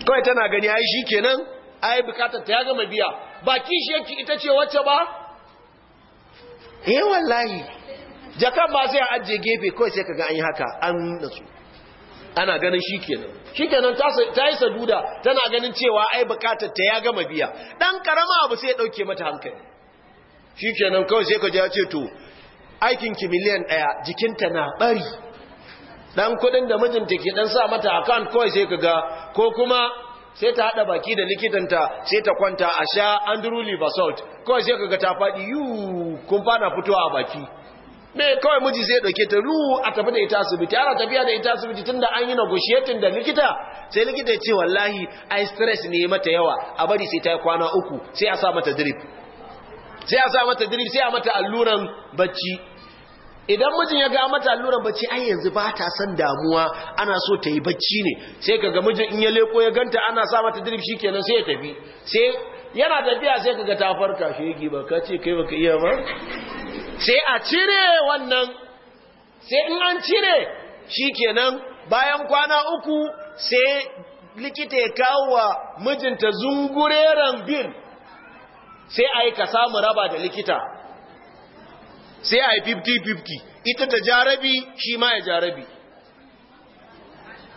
kawai tana gani ai shi kenan ai bukatar ta ya gama biya ba yake ita ce wacce ba eh wallahi jakan ba zai ajiye gefe kawai sai kaga an yi haka an nasu. ana ganin shi kenan shi kenan ta yi saduda tana ganin cewa ai bukatar ta ya gama biya Ɗan karama abu sai ya ɗauke mata hankali shi kenan kawai sai kaje ya ce to aikin ki miliyan daya jikinta na bari Ɗan kuɗin da mijinta ke ɗan sa mata akan kawai sai ga ko kuma sai ta haɗa baki da likitanta sai ta kwanta a sha andrew liversalt kawai sai kaga ta faɗi yiwu kun fana fitowa a baki me kawai miji sai dauke ta ruu a tafi da ita asibiti ana tafiya da ita asibiti da an yi negotiating da likita sai likita ya ce wallahi ai stress ne mata yawa a bari sai ta yi kwana uku sai a sa mata drip sai a sa mata drip sai a mata alluran bacci idan mijin ya ga mata alluran bacci ai yanzu ba ta san damuwa ana so ta yi bacci ne sai kaga mijin in ya leko ya ganta ana sa mata drip shikenan sai ya tafi sai yana tafiya sai kaga ta farka yake ba ka ce kai baka iya ba sai a cire wannan sai in an cire shi kenan bayan kwana uku sai likita ya kawo wa mijinta zungureren bin. sai a yi ka samu raba da likita sai a yi 50-50 ita ta jarabi shi ma ya jarabi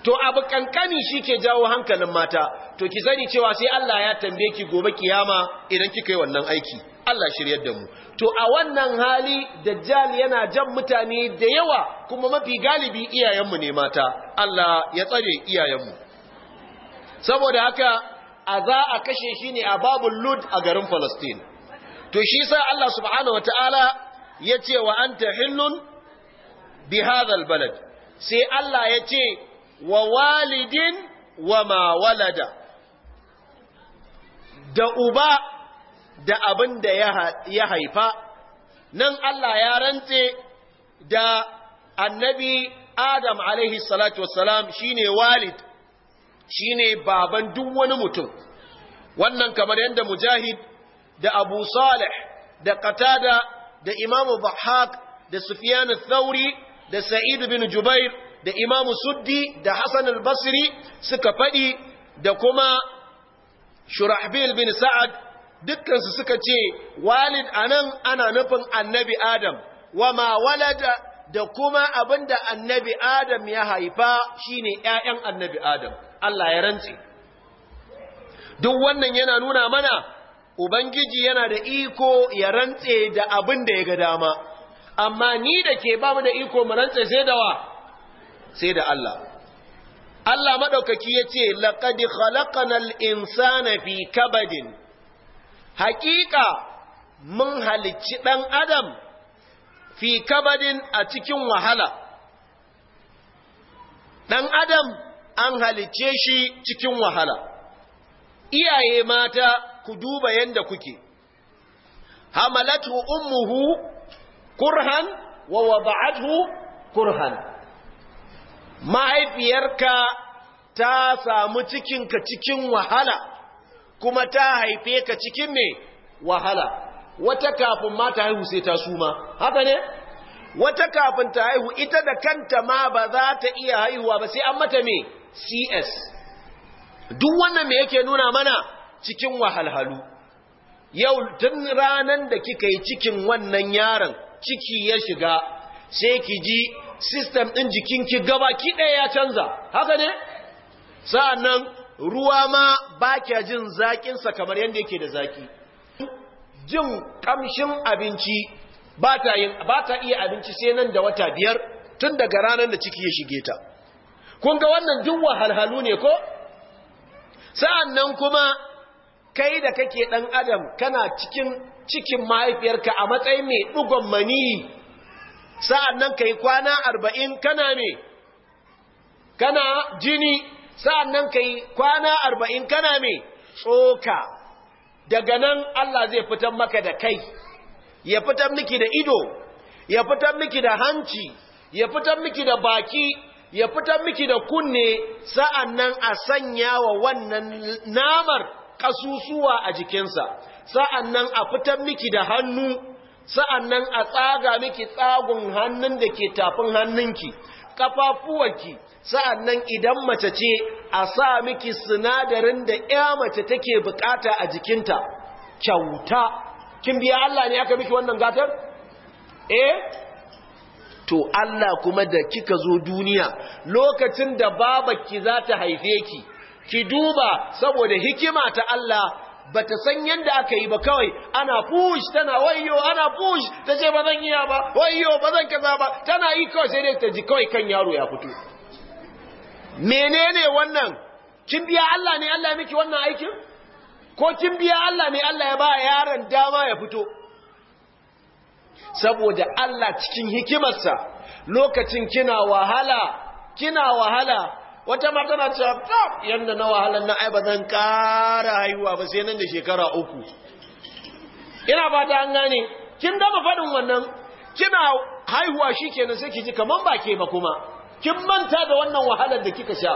to abu kankani shi ke jawo hankalin mata to ki sani cewa sai Allah ya tambaye ki gobe kiyama idan kika yi wannan aiki Allah shiryar da mu to a wannan hali dajjal yana jan mutane da yawa kuma mafi galibi iyayenmu ne mata Allah ya tsare iyayenmu saboda haka a za a kashe shi ne a babul lud a garin Palestine to shi sa Allah subhanahu wataala ya ce wa an ta hillun bi hadhal balad sai Allah ya ce wa walidin wa ma walada da uba da abin da ya haifa nan Allah ya rantse da annabi Adam alaihi salatu wassalam shine walid shine baban duk wani mutum wannan kamar yadda mujahid da abu salih da qatada da imamu Ba'hak da Sufiyanu thauri da sa'id bin jubair da imamu suddi da hasan al-basri suka faɗi da kuma shurahbil bin sa'ad dukkansu suka ce walid anan ana nufin annabi adam wa ma walada da kuma abinda annabi adam ya haifa shine ƴaƴan annabi adam Allah ya rantsi duk wannan yana nuna mana Ubangiji yana da iko ya rantse da abin da ya ga dama, amma ni da ke ba mu da iko mu rantse sai da wa, sai da Allah. Allah maɗaukaki ya ce, Laƙadi khalaƙanar insana fi kabadin, haƙiƙa mun halicci ɗan Adam fi kabadin a cikin wahala. Ɗan Adam an halicce shi cikin wahala. Iyaye mata ku duba yanda kuke hamalatu ummuhu kurhan wa wada'athu kurhan mahaifiyarka ta samu cikinka cikin wahala kuma ta haife ka cikin me wahala wata kafin ma haihu sai ta suma haka ne wata kafin ta haihu ita da kanta ma ba za ta iya haihuwa ba sai an mata me cs duk wannan me yake nuna mana cikin wahalhalu yau tun ranan da kika yi cikin wannan yaron ciki ya shiga sai ki ji sistem ɗin jikinki gaba ki ɗaya ya canza haka ne sa'annan ruwa ma ba kya jin zaƙinsa kamar yadda yake da zaƙi jin ƙamshin abinci ba ta iya abinci sai nan da wata biyar tun daga ranar da ciki ya shige ta kun ga wannan duk wahalhalu ne ko sa'annan kuma kai da kake ɗan adam kana cikin cikin mahaifiyarka a matsayin mai ɗugon mani? sa'an nan ka yi kwana arba'in kana ne kana jini sa'an nan ka yi kwana arba'in kana ne tsoka daga nan Allah zai fitar maka da kai ya fitar miki da ido ya fitar miki da hanci ya fitar miki da baki ya fitar miki da kunne sa'an nan a sanya wa wannan namar ƙasusuwa a jikinsa sa'an a fitar miki da hannu sa'annan a tsaga miki tsagun hannun da ke tafin hannunki ƙafafuwanki sa'an nan idan mace ce a sa miki sinadarin da ‘ya mace take bukata a jikinta kyauta kin biya Allah ne aka miki wannan gatar? eh to Allah kuma da kika zo duniya lokacin da babarki za ta haife ki ki duba saboda hikima ta Allah ba ta san yadda aka yi ba kawai ana push tana wayo ana push ta ce ba zan iya ba wayo ba zan kaza ba tana yi kawai sai dai ta ji kawai kan yaro ya fito menene wannan kin biya Allah ne Allah ya miki wannan aikin ko kin biya Allah ne Allah ya ba yaron dama ya fito saboda Allah cikin hikimarsa lokacin kina wahala kina wahala wata ma tana cewa to yanda na wahalar na ai ba zan ƙara haihuwa ba sai nan da shekara uku ina ba ta an gane kin dama faɗin wannan kina haihuwa shi ke nan sai ki ji kaman ba ke ba kuma kin manta da wannan wahalar da kika sha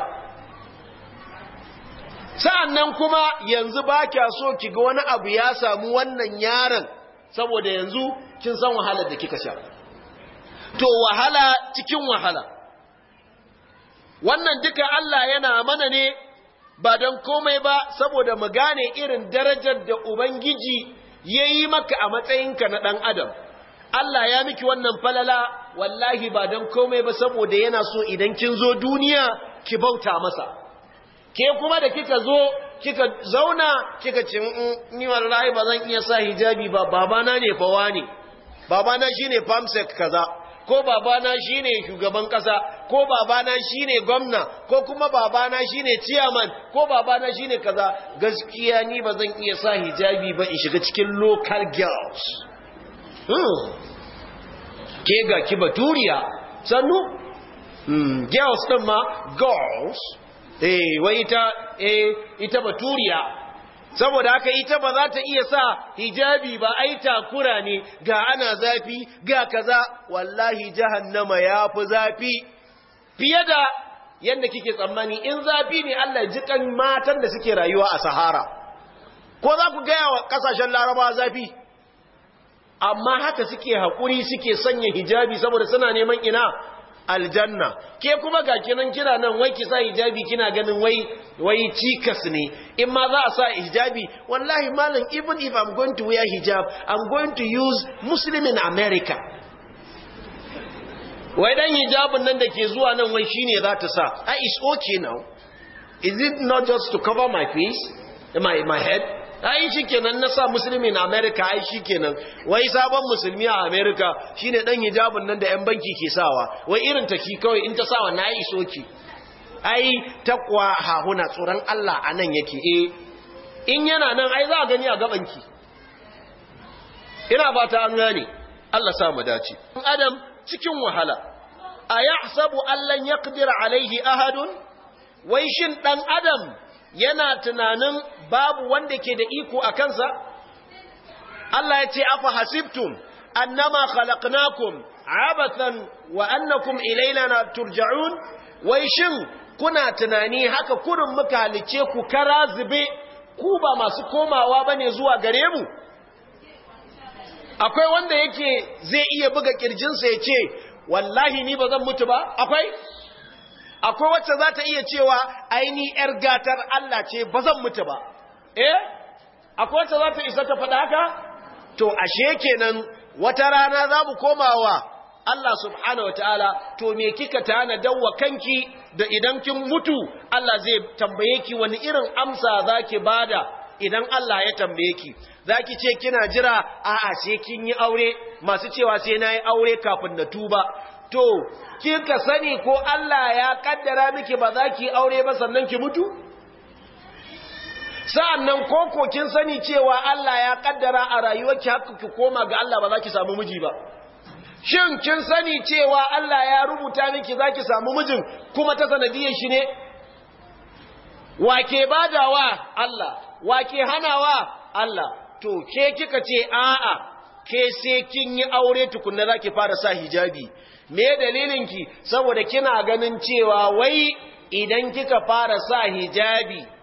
sa'annan kuma yanzu ba kya so ki ga wani abu ya samu wannan yaron saboda yanzu kin san wahalar da kika sha to wahala cikin wahala wannan duka Allah yana mana ne ba don komai ba saboda mu gane irin darajar da Ubangiji ya yi maka a matsayinka na ɗan adam Allah ya miki wannan falala wallahi ba don komai ba saboda yana so idan kin zo duniya ki bauta masa ke kuma da kika zo kika zauna kika ce mm, mm, ni wallahi ba zan iya sa hijabi ba babana ne fawa ne babana shine famsek kaza ko babana shine shugaban kasa ko babana shine gwamna ko kuma babana shine ciyaman ko babana shine kaza gaskiya ni ba zan iya sa hijabi ba in shiga cikin local girls hmm. ke ga ki baturiya sannu hmm. girls din ma girls eh wai ita eh ita baturiya saboda haka ita ba za ta iya sa hijabi ba ai takura ne ga ana zafi ga kaza wallahi jahannama ya fi zafi fiye da yadda kike tsammani in zafi ne Allah ji matan da suke rayuwa a sahara ko za ku gaya wa kasashen laraba zafi amma haka suke haƙuri suke sanya hijabi saboda suna neman ina aljanna ke kuma ga kinan kira nan wai ki sa hijabi kina ganin wai wai cikas ne in ma za a sa hijabi wallahi malam even if i'm going to wear hijab i'm going to use muslim in america wai dan hijabin nan da ke zuwa nan wai shine za ta sa i ah, is okay now is it not just to cover my face my my head ai shi kenan na sa musulmi na amerika ai shi kenan wai sabon musulmi a Amerika shine dan hijabun nan da yan banki ke sawa wai irin ta ki kawai in ta sawa na yi ki? ai takwa hahuna tsoron allah a nan yake E, in yana nan ai za a gani a gabanki ina ba ta an gane allah sa mu dace adam cikin wahala a yahsabu allan yaqdir alaihi ahadun wai shin dan adam yana tunanin babu wanda ke da iko a kansa Allah ya ce afa hasibtum annama khalaqnakum abathan wa annakum ilaina turja'un wai shin kuna tunani haka kurin muka halice ku kara zube ku ba masu komawa bane zuwa gare mu akwai wanda yake zai iya buga kirjinsa ya ce wallahi ni ba zan mutu ba akwai akwai wacce za ta iya cewa aini yar gatar Allah ce ba zan mutu ba eh akwai wacce za ta isa ta faɗa haka to ashe kenan wata rana za mu komawa Allah subhanahu wa ta'ala to me kika tana dawwa kanki da idan kin mutu Allah zai tambaye ki wani irin amsa zaki bada idan Allah ya tambaye ki zaki ce kina jira a'a sai kin yi aure masu cewa sai nayi aure kafin na tuba to kika sani ko Allah ya kaddara miki ba zaki aure ba sannan ki mutu sa'annan ko ko kin sani cewa Allah ya ƙaddara a rayuwarki haka ki koma ga Allah ba za ki samu miji ba shin kin sani cewa Allah ya rubuta miki za ki samu mijin kuma ta sanadiyar shi ne wake badawa Allah wake hanawa Allah to ke kika ce a'a ke sai kin yi aure tukunna za ki fara sa hijabi me dalilinki saboda kina ganin cewa wai idan kika fara sa hijabi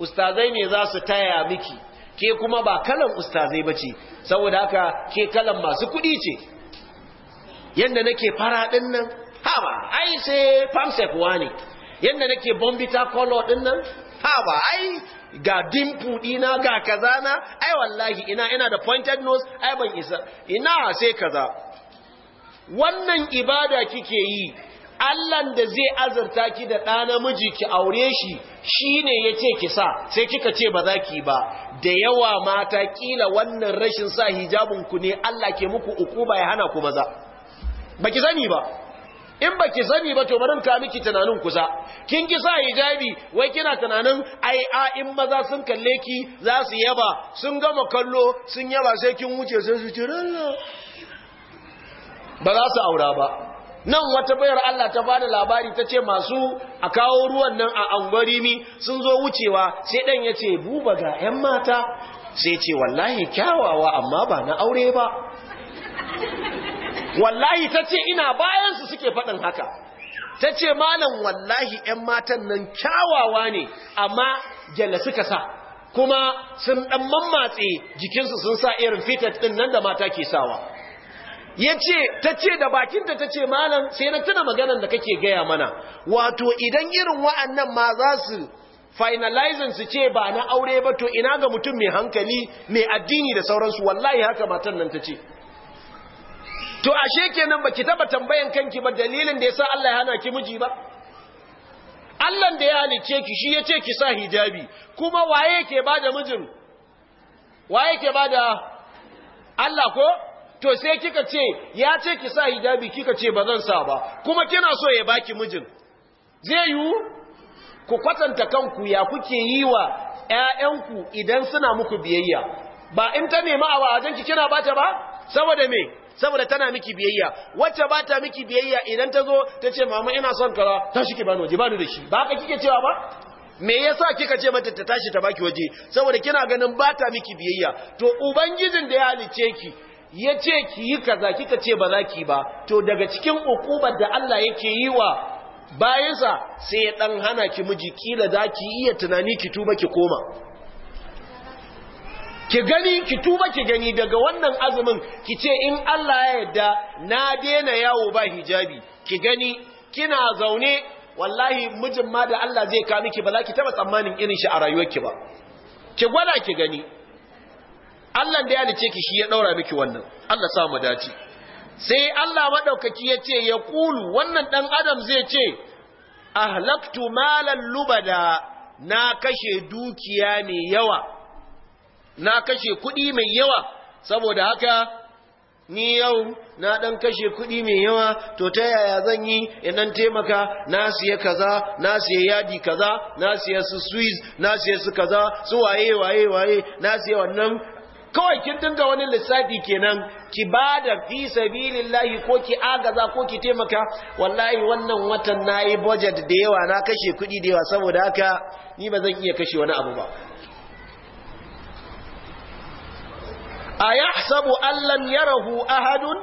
ustazai ne za su taya miki ke kuma ba kalan ustazai ba ce saboda haka ke kalan masu kuɗi ce yadda nake fara ɗin nan haba ai sai famsek ne yadda nake bombita color ɗin nan haba ai ga dimpu dina ga kaza na ai wallahi ina ina da pointed nose ai ban isa ina sai kaza wannan ibada kike yi Allahn da zai azurta ki da ɗa namiji ki aure shi shine ya ce ki sa sai kika ce ba za ki ba da yawa mata kila wannan rashin sa hijabin ku ne Allah ke muku ukuba ya hana ku maza ba ki sani ba in ba ki sani ba to bari ka miki tunanin kusa kin ki sa hijabi wai kina tunanin ai a in maza sun kalle ki za su yaba sun gama kallo sun yaba sai kin wuce sai su ba za su aura ba nan wata bayar Allah ta bada labari ta ce masu a kawo ruwan nan a angwarimi sun zo wucewa sai dan ya ce buba ga 'yan mata sai ce wallahi kyawawa amma ba na aure ba wallahi ta ce ina bayansu suke faɗin haka ta ce malam wallahi 'yan matan nan kyawawa ne amma gyalla suka sa kuma sun ɗan mammatse jikinsu sun sa irin fitat ɗin nan da mata ke sawa Ya ce ta ce da bakinta ta ce malam sai na tuna maganan da kake gaya mana wato idan irin wa'annan ma za su finalizing su ce ba na aure ba to ina ga mutum mai hankali mai addini da sauransu wallahi haka matan nan ta ce. to ashe kenan ki taba tambayan kanki ba dalilin da ya yasa Allah ya hana ki miji ba Allah da ya halice ki shi ya ce ki sa hijabi kuma waye ke bada mijin waye ke bada Allah ko to sai kika ce ya ce ki sa hijabi kika ce ba zan sa ba kuma kina so ya baki mijin zai yiwu ku kwatanta kanku ya kuke yi wa ‘ya'yanku idan suna muku biyayya ba in ta nemi a wajenki kina bata ba saboda me saboda tana miki biyayya wacce ba ta miki biyayya idan ta zo ta ce mama ina son kara ta shi ki bani waje bani da shi ba haka kike cewa ba me yasa kika ce mata ta tashi ta baki waje saboda kina ganin bata miki biyayya to ubangijin da ya halice ki ya ce ki yi kaza kika ce ba za ki ba to daga cikin ukubar da Allah yake yi wa bayansa sai ya dan hana ki miji kila za ki iya tunani ki tuba ki koma ki gani ki tuba ki gani daga wannan azumin ki ce in Allah ya yarda na daina yawo ba hijabi ki gani kina zaune wallahi mijin ma da Allah zai ka miki ba za ki taba tsammanin irin shi a rayuwarki ba ki gwada ki gani Allah da ya halice ki shi ya daura miki wannan Allah sa mu dace sai Allah madaukaki ya ce ya kulu wannan dan adam zai ce ahlaktu malan lubada na kashe dukiya mai yawa na kashe kuɗi mai yawa saboda haka ni yau na dan kashe kuɗi mai yawa to ta yaya zan yi idan taimaka na siya kaza na siya yadi kaza na siya su swiss na siya su kaza su waye waye waye na siya wannan kawai kin dinga wani lissafi kenan ki bada fi sabilillahi ko ki agaza ko ki taimaka wallahi wannan watan nayi budget da yawa na kashe kuɗi da yawa saboda haka ni ba zan iya kashe wani abu ba yahsabu allan yarahu ahadun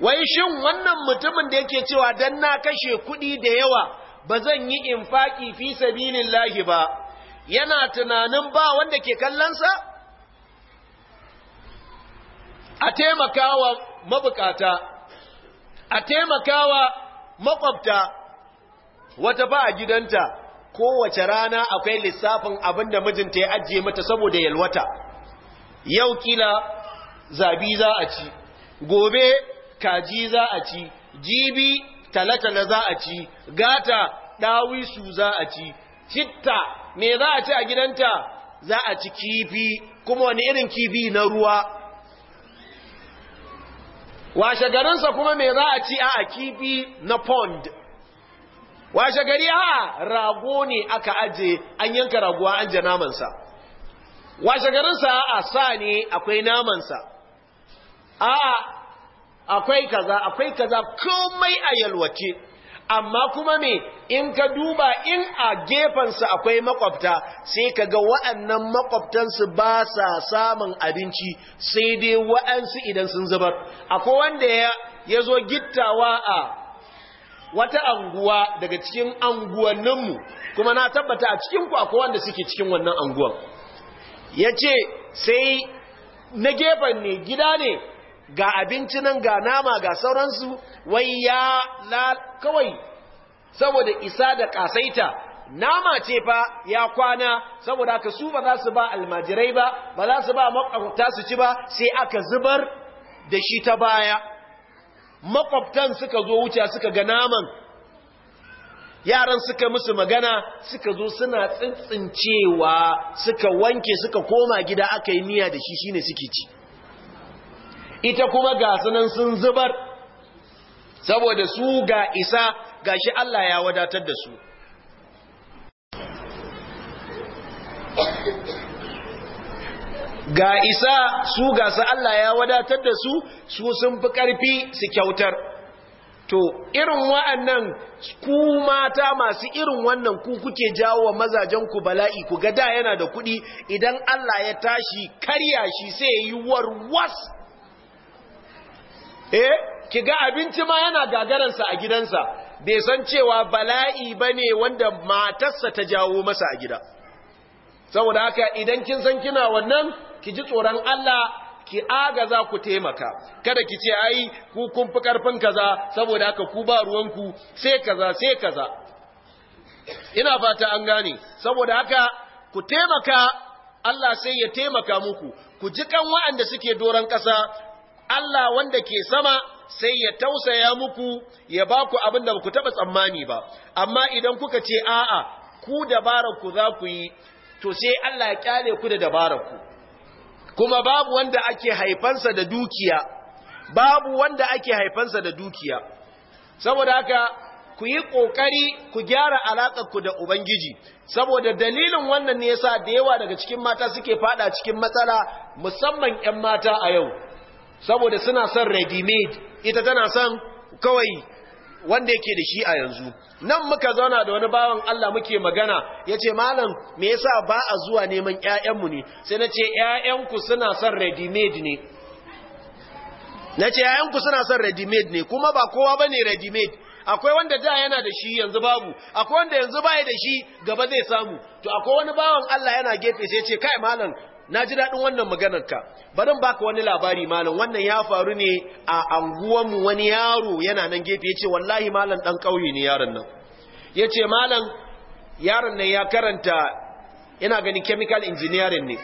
wai shin wannan mutumin da yake cewa dan na kashe kuɗi da yawa ba zan yi infaki fi sabilillahi ba yana tunanin ba wanda ke kallonsa a taimakawa mabukata a taimakawa makwabta wata ba a gidanta kowace rana akwai lissafin abinda mijinta ya ajiye mata saboda yalwata yau kila zabi za a ci gobe kaji za a ci jibi talatala za a ci gata dawisu za a ci citta me za a ci a gidanta za a ci kifi kuma wani irin kifi na ruwa washe garinsa kuma mai za a ci a kifi na pond washe gari a rago ne aka aje an yanka raguwa an ja namansa washe garinsa a sa ne akwai namansa a akwai kaza akwai kaza komai a yalwace amma kuma me in ka duba in a gefansu akwai makwabta sai ka ga wa'annan makwabtansu ba sa samun abinci sai dai wa'ansu idan sun zubar akwai wanda ya zo gittawa a wata anguwa daga cikin anguwanninmu kuma na tabbata a cikinku akwai wanda suke cikin wannan anguwan ya ce sai na gefen ne gida ne ga abinci nan ga nama ga sauransu wai ya kawai saboda isa da kasaita nama ce fa ya kwana saboda haka su ba za su ba almajirai ba ba za su ba makwabta su ci ba sai aka zubar da shi ta baya makwabtan suka zo wuce suka ga naman yaran suka musu magana suka zo suna tsintsincewa suka wanke suka koma gida aka yi miya da shi shine suke ci ita kuma ga sunan sun zubar saboda su ga isa shi Allah ya wadatar da su ga isa su ga su Allah ya wadatar da su su sun fi ƙarfi su kyautar to irin wa'annan ku mata masu irin wannan ku kuke jawo wa mazajenku bala'i ku ga da yana da kuɗi idan Allah ya tashi karya shi sai yi warwas eh ki ga abinci ma yana gagaransa a gidansa bai san cewa bala'i bane wanda matarsa ta jawo masa a gida saboda haka idan kin san kina wannan ki ji tsoron Allah ki agaza ku taimaka kada ki ce ai ku kun fi karfin kaza saboda haka ku ba ruwanku sai kaza sai kaza ina fata an gane saboda haka ku taimaka Allah sai ya taimaka muku ku ji kan waɗanda suke doron ƙasa Allah wanda ke sama sai ya tausaya muku ya ba ku abin da ku taɓa tsammani ba amma idan kuka ce a'a ku dabararku za ku yi to sai Allah ya kyale ku da dabararku kuma babu wanda ake haifansa da dukiya babu wanda ake haifansa da dukiya saboda haka ku yi ƙoƙari ku gyara ku da Ubangiji, saboda dalilin wannan ne yasa da yawa daga cikin mata suke faɗa cikin matsala musamman ‘yan mata a yau, saboda suna son ready made ita tana son kawai wanda yake da shi a yanzu nan muka zauna da wani bawan Allah muke magana yace malam me yasa ba a zuwa neman ƴaƴanmu ne sai nace ƴaƴanku suna son ready made ne nace ƴaƴanku suna son ready made ne kuma ba kowa bane ready made akwai wanda da yana da shi yanzu babu akwai wanda yanzu baya da shi gaba zai samu to akwai wani bawan Allah yana gefe sai ce kai malam na ji daɗin wannan maganarka barin baka wani labari malam wannan ya faru ne a anguwanmu wani yaro yana nan gefe ya ce wallahi malam ɗan ƙauye ne yaron nan ya ce malam yaron nan ya karanta yana gani chemical engineering ne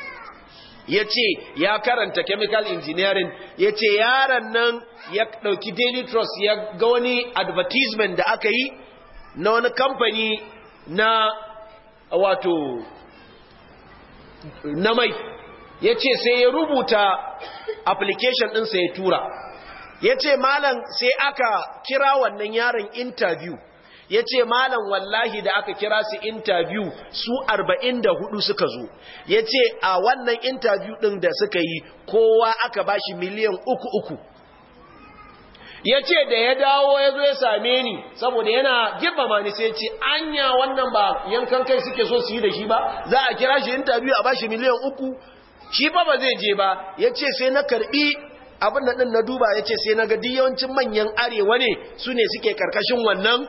ya ce ya karanta chemical engineering ya ce yaron nan ya ɗauki daily trust ya ga wani advertisement da aka yi na wani kamfani na wato na mai ya ce sai ya rubuta application ɗinsa ya tura ya ce malam sai aka kira wannan yaron interview ya ce malam wallahi da aka kira su interview su 44 suka zo ya ce a wannan interview ɗin da suka yi kowa aka bashi miliyan uku uku ya ce da ya dawo ya zo ya same ni saboda yana ma ni sai ce anya wannan ba yankan kai suke so su yi da shi ba za a kira shi interview a ba shi miliyan uku shi ba ba zai je ba ya ce sai na karbi abin da ɗin na duba ya ce sai na ga yawancin manyan arewa ne su ne suke karkashin wannan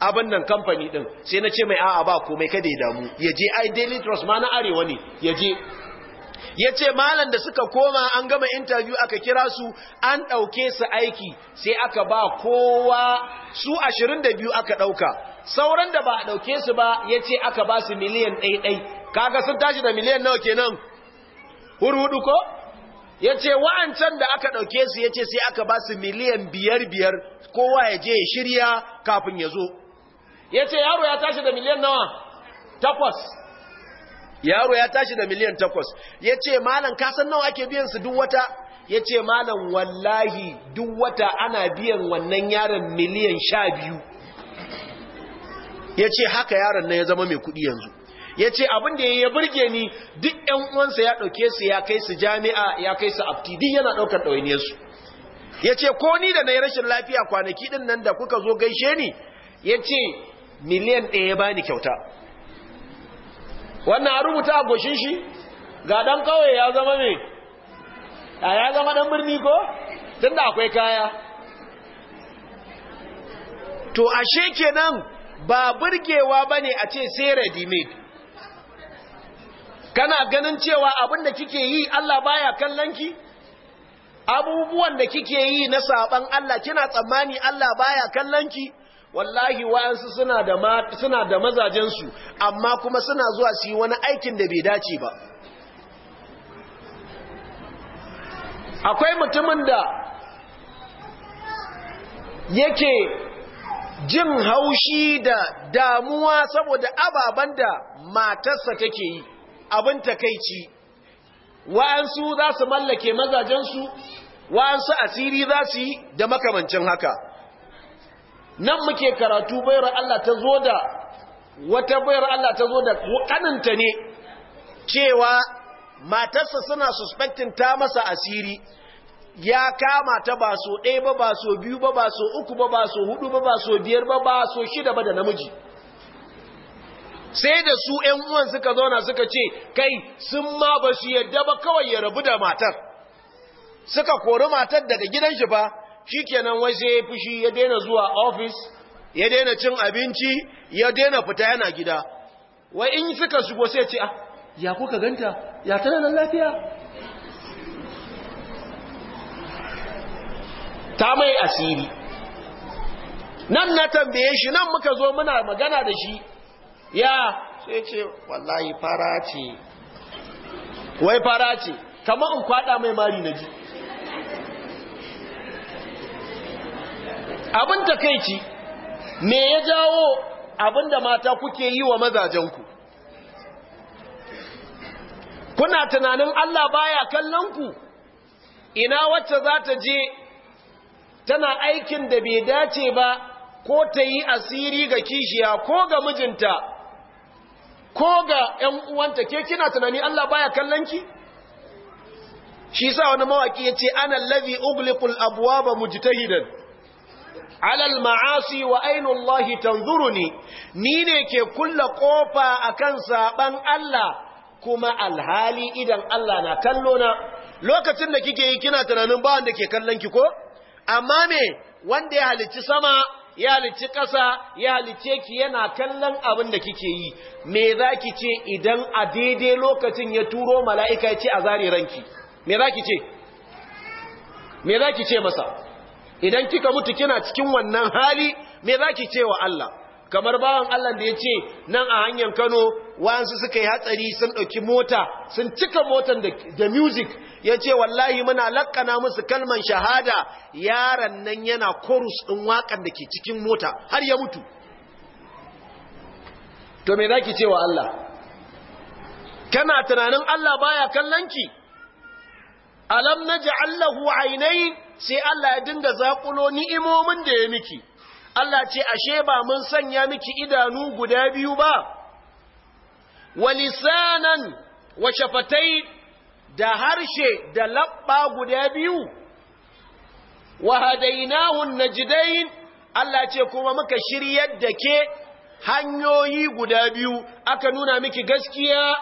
abin nan kamfani ɗin sai na ce mai a'a ba komai kada ya damu ya je ai daily trust ma na arewa ne ya je ya ce malam da suka koma an gama interview aka kira su an ɗauke su aiki sai aka ba kowa su ashirin da biyu aka ɗauka sauran da ba a ɗauke su ba ya ce aka ba su miliyan ɗaiɗai kaga sun tashi da miliyan nawa kenan hurhudu ko ya ce wa'ancan da aka ɗauke su ya ce sai aka ba su miliyan biyar biyar kowa ya je ya shirya kafin ya zo ya ce yaro ya tashi da miliyan nawa takwas yaro ya tashi da miliyan takwas ya ce malam kasan nawa ake biyan su duk wata ya ce malam wallahi duk wata ana biyan wannan yaron miliyan sha biyu ya ce haka yaron na ya zama mai kudi yanzu ya ce abin da ya burge ni duk yan uwansa ya ɗauke su ya kai su jami'a ya kai su afti duk yana ɗaukar ɗawainiyarsu ya ce ko ni da na yi rashin lafiya kwanaki ɗin nan da kuka zo gaishe ni ya ce miliyan ɗaya ya bani kyauta wannan a rubuta a goshin shi ga dan kawai ya zama mai a ya zama dan birni ko tunda akwai kaya to ashe kenan ba burgewa bane a ce sai ready made kana ganin cewa abin da kike yi Allah baya kallon ki abubuwan da kike yi na saban Allah kina tsammani Allah baya kallon ki wallahi wa'ansu suna da mazajensu amma kuma suna zuwa su yi wani aikin da bai dace ba akwai mutumin da yake jin haushi da damuwa saboda ababen da matarsa take yi abin takaici wa'ansu za su mallake mazajensu wa'ansu asiri za su yi da makamancin haka nan muke karatu bayar Allah ta zo da wata bayar Allah ta zo da kaninta ne cewa matarsa suna suspectin ta masa asiri ya kama ta ba so ɗaya ba ba so biyu ba ba so uku ba ba so hudu ba ba so biyar ba ba so shida ba da namiji sai da su ‘yan uwan suka zauna suka ce kai sun ma ba su yadda ba kawai ya rabu da matar suka kori matar daga gidan shi ba shikenan wai sai ya fushi ya daina zuwa office ya daina cin abinci ya daina fita yana gida wai in suka shigo sai ce ah ya kuka ganta ya tana nan lafiya ta mai asiri nan na tambaye shi nan muka zo muna magana da shi ya sai ce wallahi fara ce wai fara ce kamar in kwada mai mari na ji abin takaici me ya jawo abin da mata kuke yi wa mazajenku kuna tunanin Allah baya kallon ku ina wacce za ta je tana aikin da bai dace ba ko ta yi asiri ga kishiya ko ga mijinta ko ga ‘yan uwanta ke kina tunani Allah baya kallon ki? shi sa wani mawaki ya ce ana Lavi, ugulikul abuwa ba mujitahidan alal ma'asi wa ainullahi tanzuruni ni ne ke kulla kofa akan saban Allah kuma alhali idan Allah na kallo na lokacin da kike yi kina tunanin ba wanda ke kallon ki ko amma me wanda ya halicci sama ya halicci ƙasa ya halicce ki yana kallon abin da kike yi me zaki ce idan a daidai lokacin ya turo mala'ika ya ce a zare ranki me zaki ce me zaki ce masa idan kika mutu kina cikin wannan hali me zaki ce wa Allah kamar bawan Allah da yace nan a hanyar Kano wayansu suka yi hatsari sun ɗauki mota sun cika motan da music ya ce wallahi muna lakkana musu kalman shahada yaran nan yana chorus ɗin wakan da ke cikin mota har ya mutu to me zaki ce wa Allah kana tunanin Allah baya kallon ki alam naj'al lahu ainihi sai Allah ya dinga zaƙulo ni'imomin da ya miki Allah ce ashe ba mun sanya miki idanu guda biyu ba walisanan wa shafatai da harshe da labba guda biyu wa na najdain Allah ce kuma muka shirya da ke hanyoyi guda biyu aka nuna miki gaskiya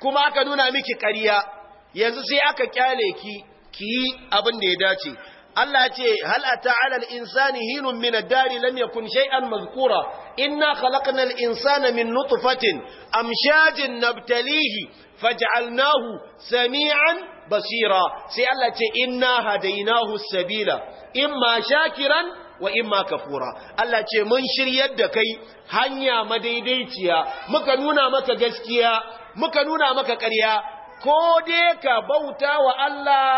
kuma aka nuna miki ƙariya. yanzu sai aka kyale ki ki yi abin da ya dace Allah ce hal'ata ata'ala insani hinun min ad-dari lam yakun shay'an mazkura inna khalaqna al-insana min nutfatin amshajin nabtalihi faj'alnahu sami'an basira sai Allah ce inna hadainahu as-sabila imma shakiran wa imma kafura Allah ce mun shiryar da kai hanya madaidaiciya muka nuna maka gaskiya muka nuna maka ƙarya ko dai ka bauta wa Allah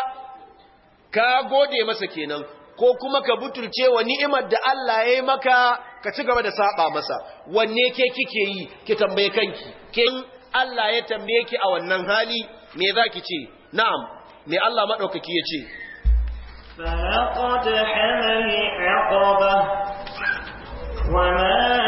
ka gode masa kenan ko kuma ka butulce wa ni'imar da Allah ya yi maka ka ci gaba da saba masa wanne ke kike yi ki tambaye kanki ke Allah ya tambaye ki a wannan hali me zaki ce na'am me Allah madaukaki ya ce fa laqad hamala aqaba wa ma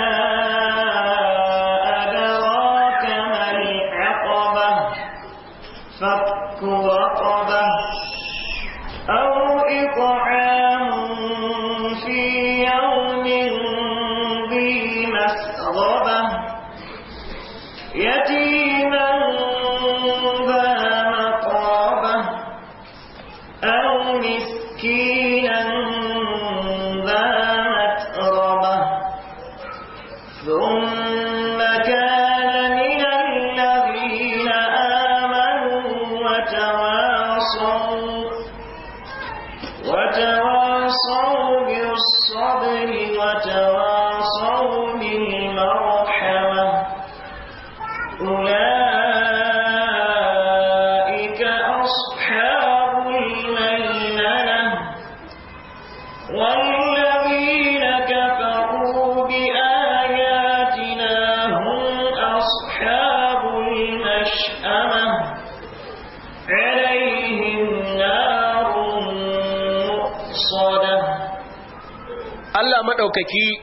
maɗaukaki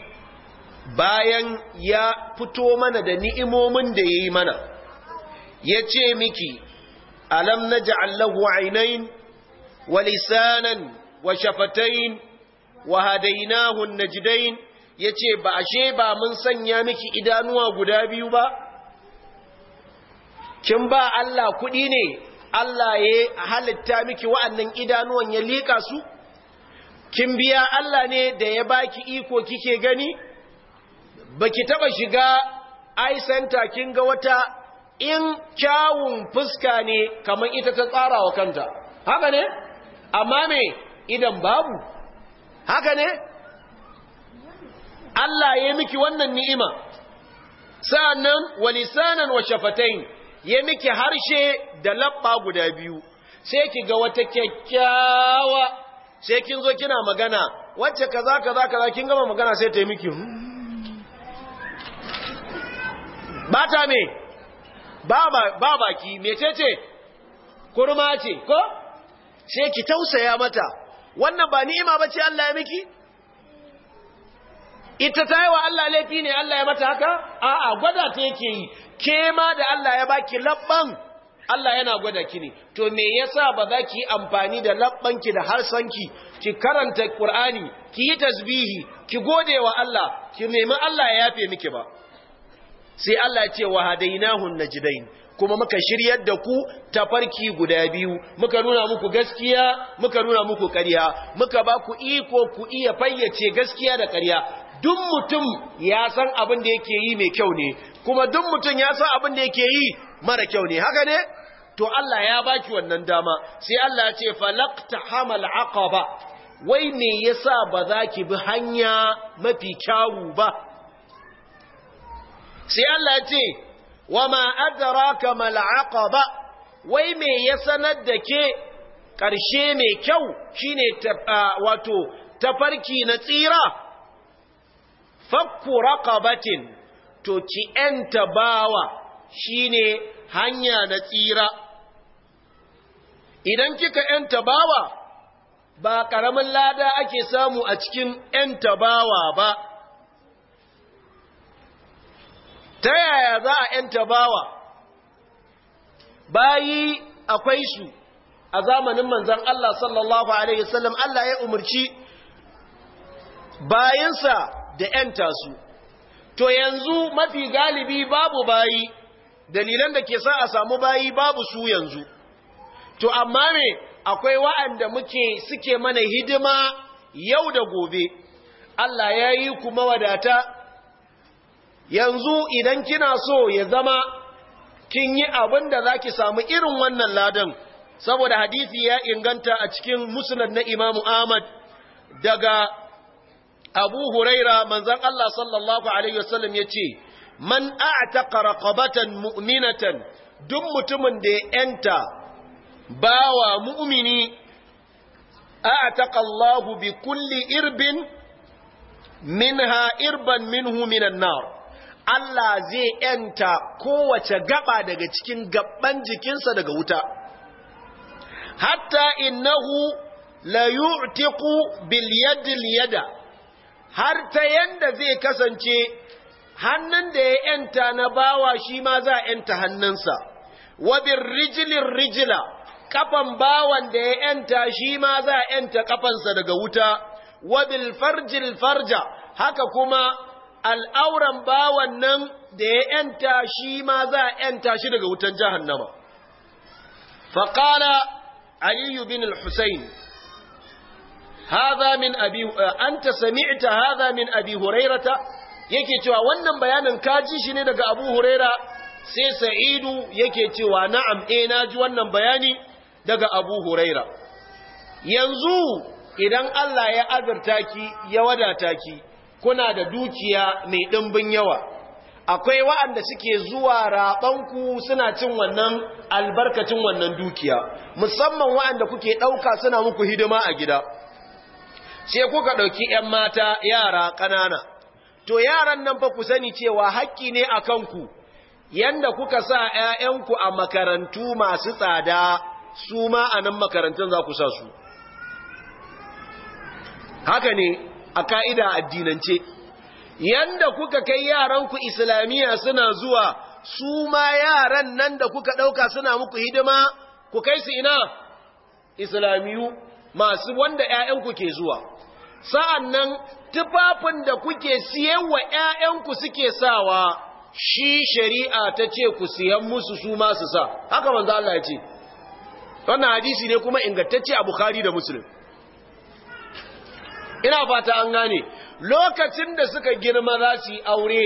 bayan ya fito mana da ni'imomin da ya yi mana ya ce miki alam na ja'allahu ainihin wa lisanan wa shafatain wa hadainahun jidayin, ya ce ba ashe ba mun sanya miki idanuwa guda biyu ba kin ba Allah kuɗi ne Allah ya halitta miki wa'annan idanuwan ya liƙa su kin biya Allah ne da ya baki iko kike gani baki taba shiga ai center kin ga wata in kyawun fuska ne kamar ita ta tsara wa kanta haka ne amma me idan babu haka ne Allah ya miki wannan ni'ima sa'annan walisanan wa shafatain ya miki harshe da labba guda biyu sai ki ga wata kyakkyawa sai kin zo kina magana wacce kaza kaza kaza kin gama magana sai ta yi miki hmm. ba ta me ba baki ce kurma ce ko sai ki tausaya mata wannan ba ni'ima ba ce Allah ya miki ita ta yi Allah laifi ne Allah ya mata haka a'a gwada ta yake yi kema da Allah ya baki labban Allah yana gwada ki ne to me yasa ba za ki yi amfani da labbanki da harsanki ki karanta Qur'ani ki yi tasbihi ki gode wa Allah ki nemi Allah ya yafe miki ba sai Allah ya ce wa hadainahun najdain kuma muka shiryar da ku ta farki guda biyu muka nuna muku gaskiya muka nuna muku ƙarya muka ba ku iko ku iya fayyace gaskiya da ƙarya duk mutum ya san abin da yake yi mai kyau ne kuma duk mutum ya san abin da yake yi mara kyau ne haka ne to Allah ya baki wannan dama sai Allah ya ce falaqta hamal aqaba wai me yasa ba za ki bi hanya mafi kyawu ba sai Allah ya ce wama adraka mal aqaba wai me ya sanar da ke ƙarshe mai kyau shine wato tafarki na tsira fakku raqabatin to ki enta bawa shine hanya na tsira idan kika yan tabawa ba ƙaramin lada ake samu a cikin yan tabawa ba ta yaya za a ‘yanta tabawa bayi akwai su a zamanin manzan Allah sallallahu Alaihi wasallam Allah ya umarci Bayansa da ‘yanta su to yanzu mafi galibi babu bayi dalilan da ke sa a samu bayi babu su yanzu to amma me akwai wa'anda muke suke mana hidima yau da gobe Allah ya yi ku mawadata yanzu idan kina so ya zama kin yi abin da za ki samu irin wannan ladan saboda hadisi ya inganta a cikin musnad na imamu ahmad daga abu huraira manzan Allah sallallahu Alaihi wasallam ya ce man a'taqa raqabatan mu'minatan duk mutumin da ya yanta bawa mu'mini a'taqa Allahu bi kulli irbin minha irban minhu minan nar Allah zai yanta kowace gaba daga cikin gabban jikinsa daga wuta hatta innahu la yu'tiqu bil yadi al yada har ta yanda zai kasance hannun da ya ‘yanta na bawa shi ma za a ‘yanta hannunsa, wabin rijilin rijila, kafan bawan da ya ‘yanta shi ma za a ‘yanta kafansa daga wuta, wabin farjil farja, haka kuma al'auran bawan nan da ya ‘yanta shi ma za a ‘yanta shi daga wutan jahannama. Faƙala Aliyu bin al-Husayn, هذا من أبي أنت سمعت هذا من أبي هريرة yake cewa wannan bayanin kaji ji shi ne daga abu huraira sai sa'idu yake cewa na'am eh na ji wannan bayani daga abu huraira yanzu idan Allah ya azurta ki ya wadata ki kuna da dukiya mai ɗimbin yawa akwai wa'anda suke zuwa raɓanku suna cin wannan albarkacin wannan dukiya musamman wa'anda kuke ɗauka suna muku hidima a gida sai kuka ɗauki 'yan mata yara ƙanana to yaran nan fa ku sani cewa haƙƙi ne a kanku yanda kuka sa ‘ya'yanku a makarantu masu tsada su ma a nan makarantun za ku sa su haka ne a ka'ida addinance yanda kuka kai yaranku islamiyya suna zuwa su ma yaran nan da kuka ɗauka suna muku hidima ku kai su ina islamiyu masu wanda ‘ya'yanku ke zuwa sa'an nan tufafin da kuke siyan wa ‘ya'yanku suke sawa shi shari'a ta ce ku siyan musu su masu sa haka manzo Allah ya ce wannan hadisi ne kuma ingantacce a Bukhari da Musulun. ina fata an gane lokacin da suka girma za su aure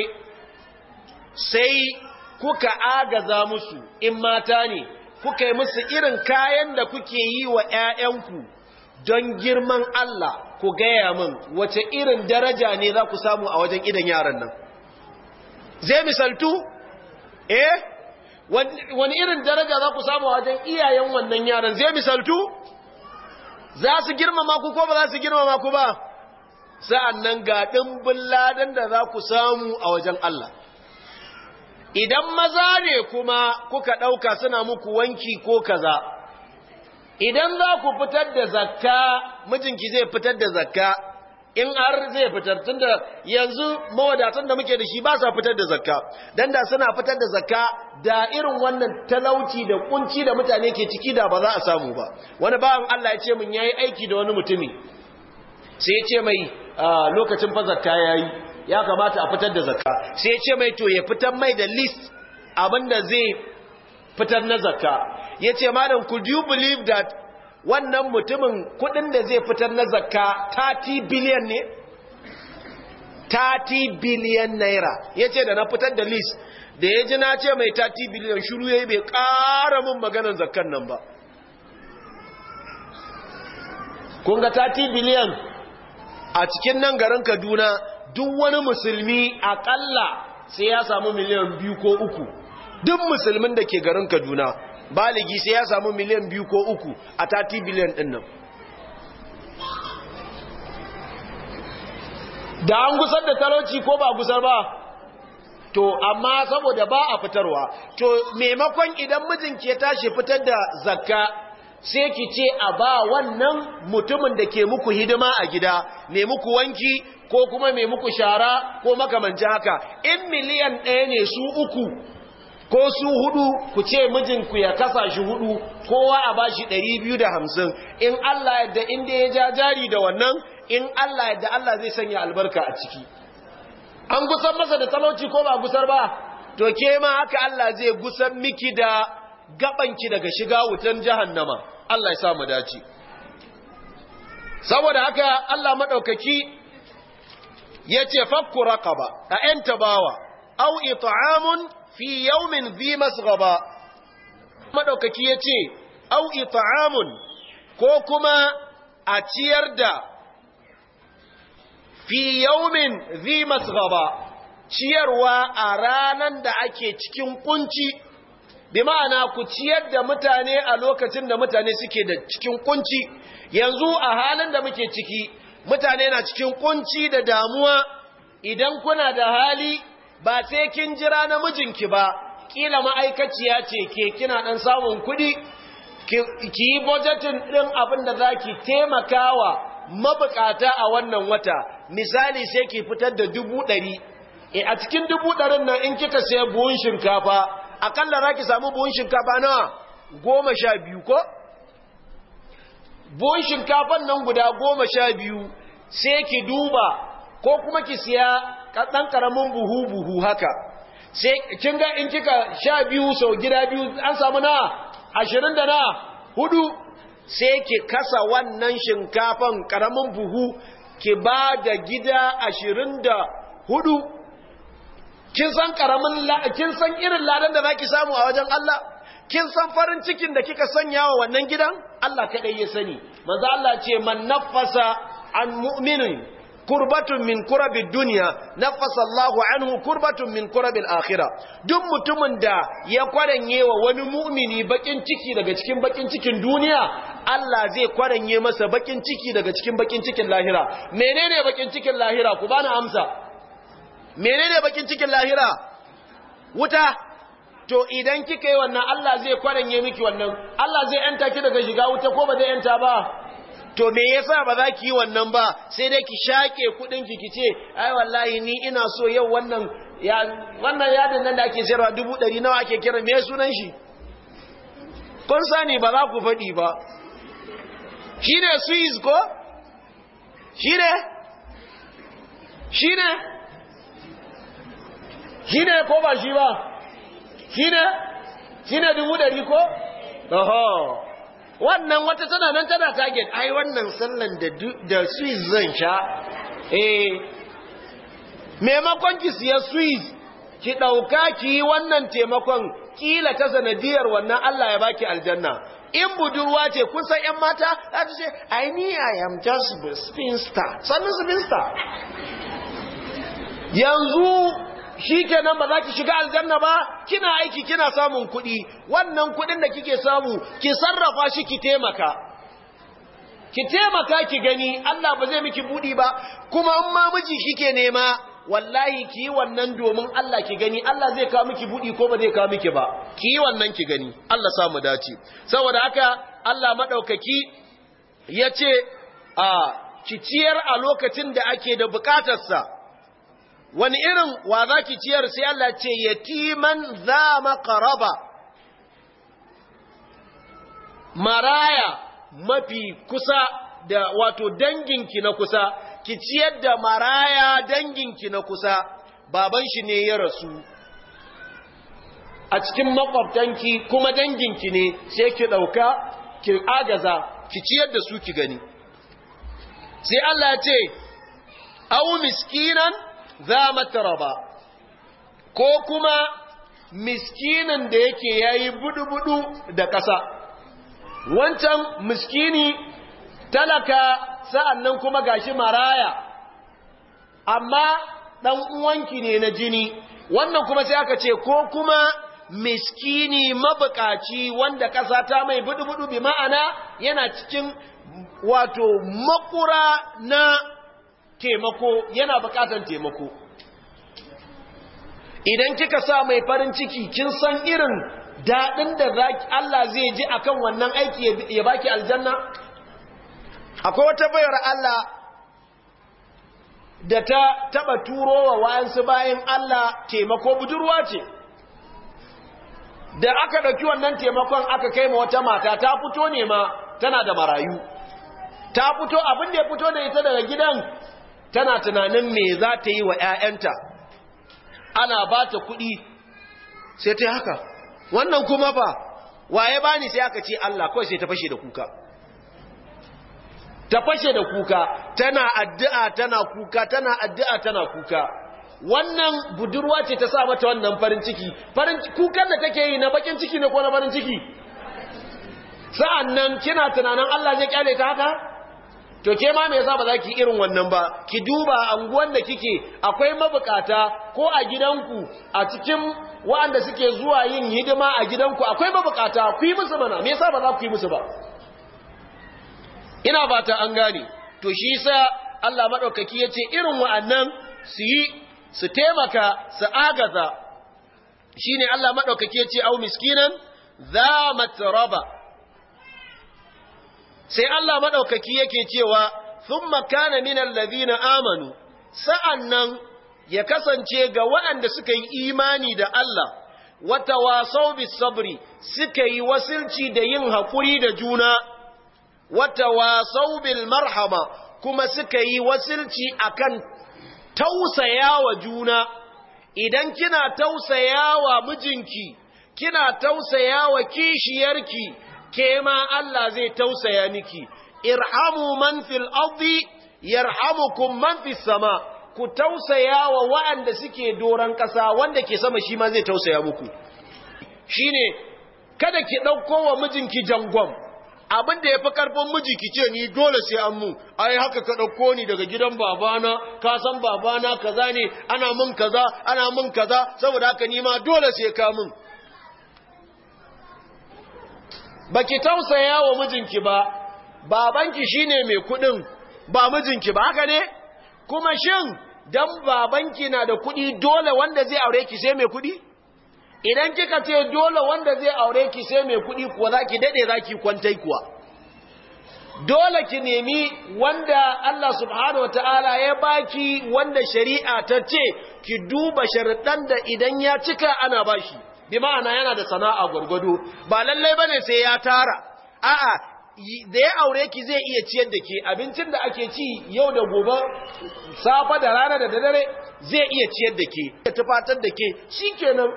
sai kuka agaza musu in mata ne kuka yi musu irin kayan da kuke yi wa ‘ya'yanku don girman Allah ku gaya min wace irin daraja ne za ku samu a wajen idan yaran nan zai misaltu eh wani irin daraja za ku samu a wajen iyayen wannan yaran zai misaltu za su girmama ku ko ba za su girmama ku ba sa'an nan ga ɗimbin ladan da za ku samu a wajen Allah idan maza ne kuma kuka ɗauka suna muku wanki ko kaza idan za ku fitar da zakka mijinki zai fitar da zakka in har zai fitar tunda yanzu mawadatan da muke da shi ba sa fitar da zakka dan da suna fitar da zakka da irin wannan talauci da kunci da mutane ke ciki da ba za a samu ba wani bawan Allah ya ce mun yayi aiki da wani mutumi sai ya ce mai lokacin fa zakka yayi ya kamata a fitar da zakka sai ya ce mai to ya fitar mai da list abinda zai fitar na zakka ya ce malam could you believe that wannan mutumin kudin da zai fitar na zakka 30 billion ne 30 billion naira ya ce da na fitar da list da ya ji na ce mai 30 billion shuru ya yi bai ƙara mun maganar zakkan nan ba kunga 30 biliyan a cikin nan garin kaduna duk wani musulmi akalla sai ya samu miliyan biyu ko uku duk musulmin da ke garin kaduna baligi sai ya samu miliyan biyu ko uku a 30 biliyan ɗin nan da an gusar da talauci ko ba gusar ba to amma saboda ba a fitarwa to maimakon idan mijinki ya tashi fitar da zakka sai ki ce a ba wannan mutumin da ke muku hidima a gida mai muku wanki ko kuma mai muku shara ko makamanci haka in miliyan ɗaya ne su uku ko su hudu ku ce mijinku ya kasa shi hudu kowa a bashi 250 in Allah yadda inda ya ja jari da wannan in Allah yadda Allah zai sanya albarka a ciki an gusar masa da talauci ko ba gusar ba to ke ma haka Allah zai gusar miki da gabanki daga shiga wutan jahannama Allah ya sa mu dace saboda haka Allah madaukaki yace fakku raqaba a enta bawa au it'amun fi Zimas zi maɗaukaki ya ce au ita'amun ko kuma a ciyar da fi min zi gaba ciyarwa a ranar da ake cikin kunci bi ma'ana ku ciyar da mutane a lokacin da mutane suke da cikin kunci yanzu a halin da muke ciki mutane na cikin kunci da damuwa idan kuna da hali ba sai kin jira namijinki ba kila ma'aikaciya ce ke kina dan samun kudi ki yi budgetin din abin da ki taimakawa mabukata a wannan wata misali sai ki fitar da dubu ɗari e a cikin dubu ɗarin nan in kika sai buhun shinkafa akalla za ki samu buhun shinkafa na goma sha biyu ko buhun shinkafan nan guda goma sha biyu sai ki duba ko kuma ki siya ɗan ƙaramin buhu-buhu haka sai kin ga in kika sha biyu sau gida biyu an samu na ashirin da na hudu sai ki kasa wannan shinkafan ƙaramin buhu ki ba da gida ashirin da hudu kin san ƙaramin kin san irin ladan da za ki samu a wajen Allah kin san farin cikin da kika sanya wa wannan gidan Allah kaɗai ya sani manzo Allah ce man nafasa an mu'minin kurbatun min kurabin duniya nafasa Allahu anhu kurbatun min kurabin akhira duk mutumin da ya kwaranye wa wani mu'mini bakin ciki daga cikin bakin cikin duniya Allah zai kwaranye masa bakin ciki daga cikin bakin cikin lahira menene bakin cikin lahira ku bani amsa menene bakin cikin lahira wuta to idan kika yi wannan Allah zai kwaranye miki wannan Allah zai yanta ki daga shiga wuta ko ba zai yanta ba to me yasa ba za ki yi wannan ba sai dai ki shake kudin ki kice ai wallahi ni ina so yau wannan ya wannan yadin nan da ake sayarwa dubu ɗari nawa ake kira me sunan shi kun sani ba za ku faɗi ba shine swiss ko shine shine shine ko ba shi ba shine shine dubu ɗari ko Aha. wannan wata tana nan tana target ai wannan sallan da da swiss zan sha eh maimakon ki siya swiss ki dauka ki yi wannan taimakon kila ta sanadiyar wannan Allah ya baki aljanna in budurwa ce kun san 'yan mata za ta ce i ni i am just a spinster sannan spinster yanzu shi kenan ba za ki shiga aljanna ba kina aiki kina samun kuɗi wannan kuɗin da kike samu ki sarrafa shi ki taimaka ki taimaka ki gani Allah ba zai miki budi ba kuma in ma miji shike nema wallahi ki yi wannan domin Allah ki gani Allah zai kawo miki budi ko ba zai kawo miki ba ki yi wannan ki gani Allah sa dace saboda haka Allah madaukaki yace a ah, ki ciyar a lokacin da ake da bukatarsa wani irin wa za ki ciyar sai Allah ce yatiman za maƙaraba maraya mafi kusa da wato danginki na kusa ki ciyar da maraya danginki na kusa baban shi ne ya rasu a cikin makwabtanki kuma danginki ne sai ki ɗauka ki agaza ki ciyar da su ki gani sai Allah ce au miskinan za mataraba ko kuma miskinin da yake yayi budu-budu da ƙasa wancan miskini talaka nan kuma gashi maraya amma ɗan uwanki ne na jini wannan kuma sai aka ce ko kuma miskini mabukaci wanda ƙasa ta mai budu-budu bi ma'ana yana cikin wato makura na taimako yana bukatan taimako idan kika sa mai farin ciki kin san irin daɗin da Allah zai ji akan wannan aiki ya baki aljanna akwai wata bayar Allah da ta taba turo wa wayansu bayan Allah taimako budurwa ce da aka ɗauki wannan taimakon aka kai ma wata mata ta fito ne ma tana da marayu ta fito abin da ya fito da ita daga gidan tana tunanin me za ta yi wa 'ya'yanta ana ba ta kuɗi sai ta haka wannan kuma ba waye ba ni sai aka ce Allah kawai sai ta fashe da kuka ta fashe da kuka tana addu'a tana kuka tana addu'a tana kuka wannan budurwa ce ta sa mata wannan farin ciki kukan da take yi na bakin ciki ne ko na farin ciki sa'an nan kina tunanin Allah zai kyale ta haka to ke ma me yasa za ki irin wannan ba ki duba anguwan da kike akwai mabukata ko a gidanku a cikin waɗanda suke zuwa yin hidima a gidanku akwai mabukata ku yi musu mana me yasa ba za ku yi musu ba ina fata an gane to shi sa Allah maɗaukaki ya ce irin wa'annan su yi su taimaka su agaza shi ne Allah maɗaukaki ya ce, au miskinan za matraba sai Allah maɗaukaki yake cewa sun makana minan lazina amanu sa'an nan ya kasance ga waɗanda suka yi imani da Allah wata wasau bis sabri suka yi wasilci da yin haƙuri da juna wata wasau bil marhama kuma suka yi wasilci akan tausayawa juna idan kina tausayawa mijinki kina tausayawa kishiyarki ke ma Allah zai tausaya miki irhamu man fil ardi yarhamukum man fis sama ku tausaya wa waɗanda suke doran ƙasa wanda ke sama shi ma zai tausaya muku shine kada ki dauko wa mijinki jangon abin da yafi karfin miji ki ce ni dole sai an mu ai haka ka dauko ni daga gidan babana ka san babana kaza ne ana mun kaza ana mun kaza saboda haka ni ma dole sai ka mun baki tausaya wa mijinki ba babanki shine mai kudin ba mijinki ba haka ne kuma shin dan babanki na da kudi dole wanda zai aure ki sai mai kudi idan kika ce dole wanda zai aure ki sai mai kudi kuwa zaki dade zaki kwantai kuwa dole ki nemi wanda Allah subhanahu wataala ya baki wanda shari'a ta ce ki duba sharuɗan da idan ya cika ana bashi bi ma'ana yana da sana'a gwargwado ba lallai bane sai ya tara a'a da ya aure ki zai iya ciyar da ke abincin da ake ci yau da gobe safa da rana da dare zai iya ciyar da ke ya tufatar da ke shikenan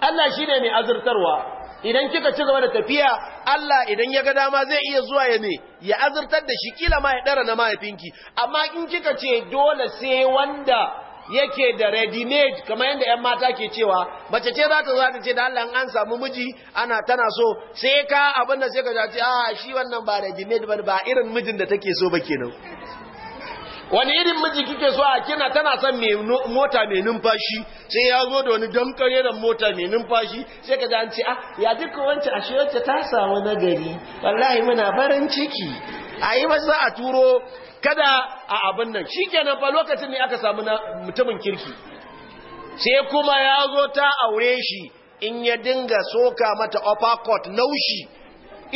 Allah shine mai azurtarwa idan kika ci gaba da tafiya Allah idan ya ga dama zai iya zuwa ya ne ya azurtar da shi kila ma ya dara na mahaifinki amma in kika ce dole sai wanda yake da ready made kamar yadda yan mata ke cewa mace ce za ta zo ta ce da Allah an samu miji ana tana so sai ka abin da sai ka ce a ah, shi wannan ba ready made ba ba irin mijin da take so ba kenan wani irin miji kike so a kina tana son mota mai numfashi sai ya zo da wani dankare da mota mai numfashi sai ka an ce ah, ya duka wancan ashe wacce ta samu nagari wallahi muna barin ciki a yi maza a turo kada a abin nan shi kenan fa lokacin ne aka samu mutumin kirki sai kuma ya zo ta aure shi in ya dinga soka mata uppercut naushi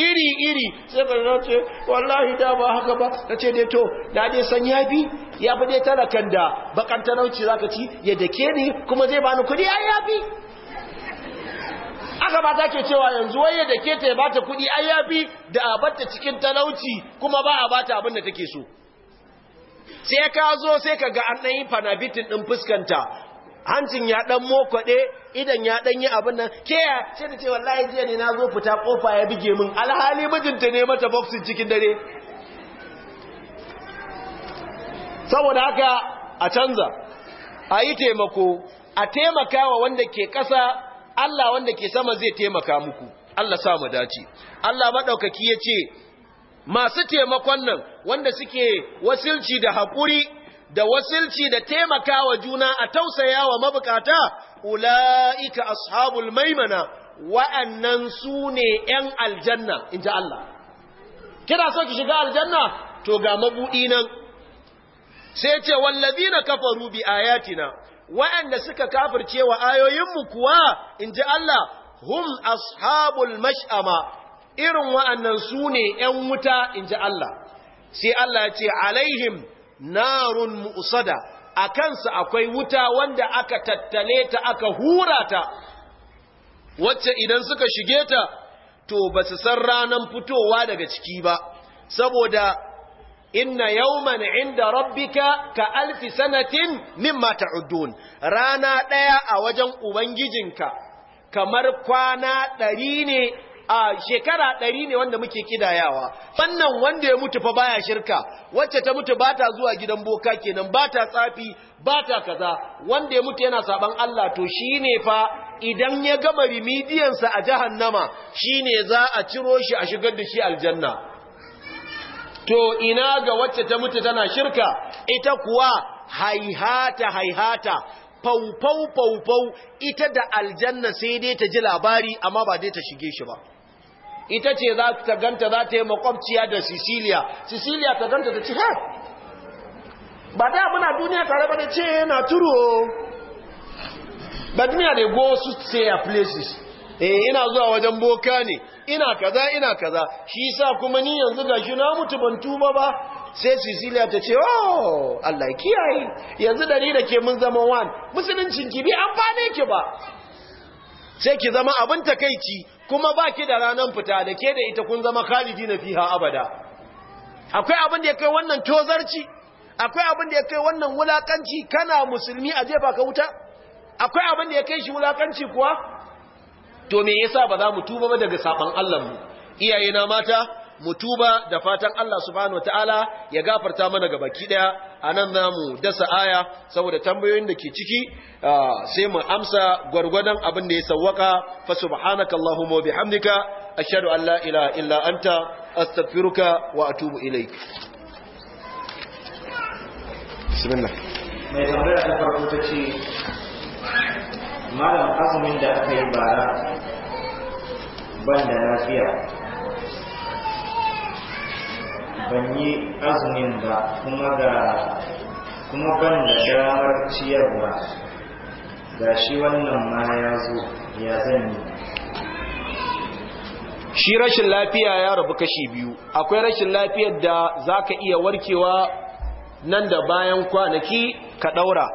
iri-iri sai ba na ce wallahi da ba haka ba na ce dai to da dai san ya fi ya fi dai talakan da bakanta talauci za ka ci ya dake ni kuma zai bani kudi ai ya fi aka ba ta ke cewa yanzu wai da ke ta ya bata kudi ai ya fi da a bata cikin talauci kuma ba a bata abin da take so sai ka zo sai ka ga an ɗan fanabitin ɗin fuskanta hancin ya ɗan mokwaɗe idan ya ɗanyi yi abin nan ke ya ce da ce wallahi jiya ne na zo fita ƙofa ya buge min alhali mijinta ne mata boxing cikin dare saboda haka a canza a yi taimako a taimakawa wanda ke ƙasa, Allah wanda ke sama zai taimaka muku Allah sa mu dace Allah madaukaki yace masu taimakon nan wanda suke wasilci da haƙuri da wasilci da taimakawa juna a tausaya wa mabukata ula'ika ashabul maimana wa'annan su ne ‘yan aljanna in ji Allah kira so ki shiga aljanna to ga mabuɗi nan sai ce wallazi na kafaru bi ayatina wa'anda suka kafirce wa ayoyinmu kuwa in ji Allah hum ashabul mash'ama irin wa'annan su ne ‘yan wuta in ji Allah sai Allah ya ce alaihim narun mu'sada a kansa akwai wuta wanda aka tattale ta aka hura ta wacce idan suka shige ta to ba su san ranan fitowa daga ciki ba saboda inna yawman inda rabbika ka alfi sanatin mimma ta'udun rana daya a wajen ubangijinka kamar kwana ɗari ne a shekara ɗari ne wanda muke kidayawa wannan wanda ya mutu fa baya shirka wacce ta mutu bata zuwa gidan boka kenan bata tsafi bata kaza wanda ya mutu yana saban Allah to shine fa idan ya gama remedian sa a jahannama shine za a ciro shi a shigar da shi aljanna to ina ga wacce ta mutu tana shirka ita kuwa haihata haihata faufau faufau ita da aljanna sai dai ta ji labari amma ba dai ta shige shi ba ita ce za ta ganta za ta yi makwabciya da sicilia sicilia ta ganta ta ce ha ba da muna duniya tare ba da ce eh, na turo ba duniya da go say a places eh ina zuwa wajen boka ne ina kaza ina kaza shi sa kuma ni yanzu gashi na mutu ban tuba ba sai Cecilia ta ce oh Allah kiyaye yanzu da ni da ke mun zama wan musuluncin ki bi amfani ki ba sai ki zama abin takaici kuma ba ki da ranar fita da ke da ita kun zama khalidi na fiha abada akwai abin da ya kai wannan tozarci akwai abin da ya kai wannan wulakanci kana musulmi a jefa ka wuta akwai abin da ya kai shi wulakanci kuwa to me yasa ba za mu tuba ba daga saban Allah mu iyaye mata mutuba da fatan Allah subhanahu wataala ya gafarta mana gabaki daya anan zamu dasa aya saboda tambayoyin da ke ciki sai mu amsa gwargwadon abin da ya sawwaka fa subhanakallahumma wa bihamdika ashhadu an la ilaha illa anta astaghfiruka wa atubu ilaik bismillah mai tambaya ta farko ta ce malam azumin da aka yi bara ban da lafiya ban yi azumin ba kuma ga kuma ban da damar ciyarwa ga shi wannan ma ya zo ya zan shi rashin lafiya ya rabu kashi biyu akwai rashin lafiyar da za ka iya warkewa nan da bayan kwanaki ka ɗaura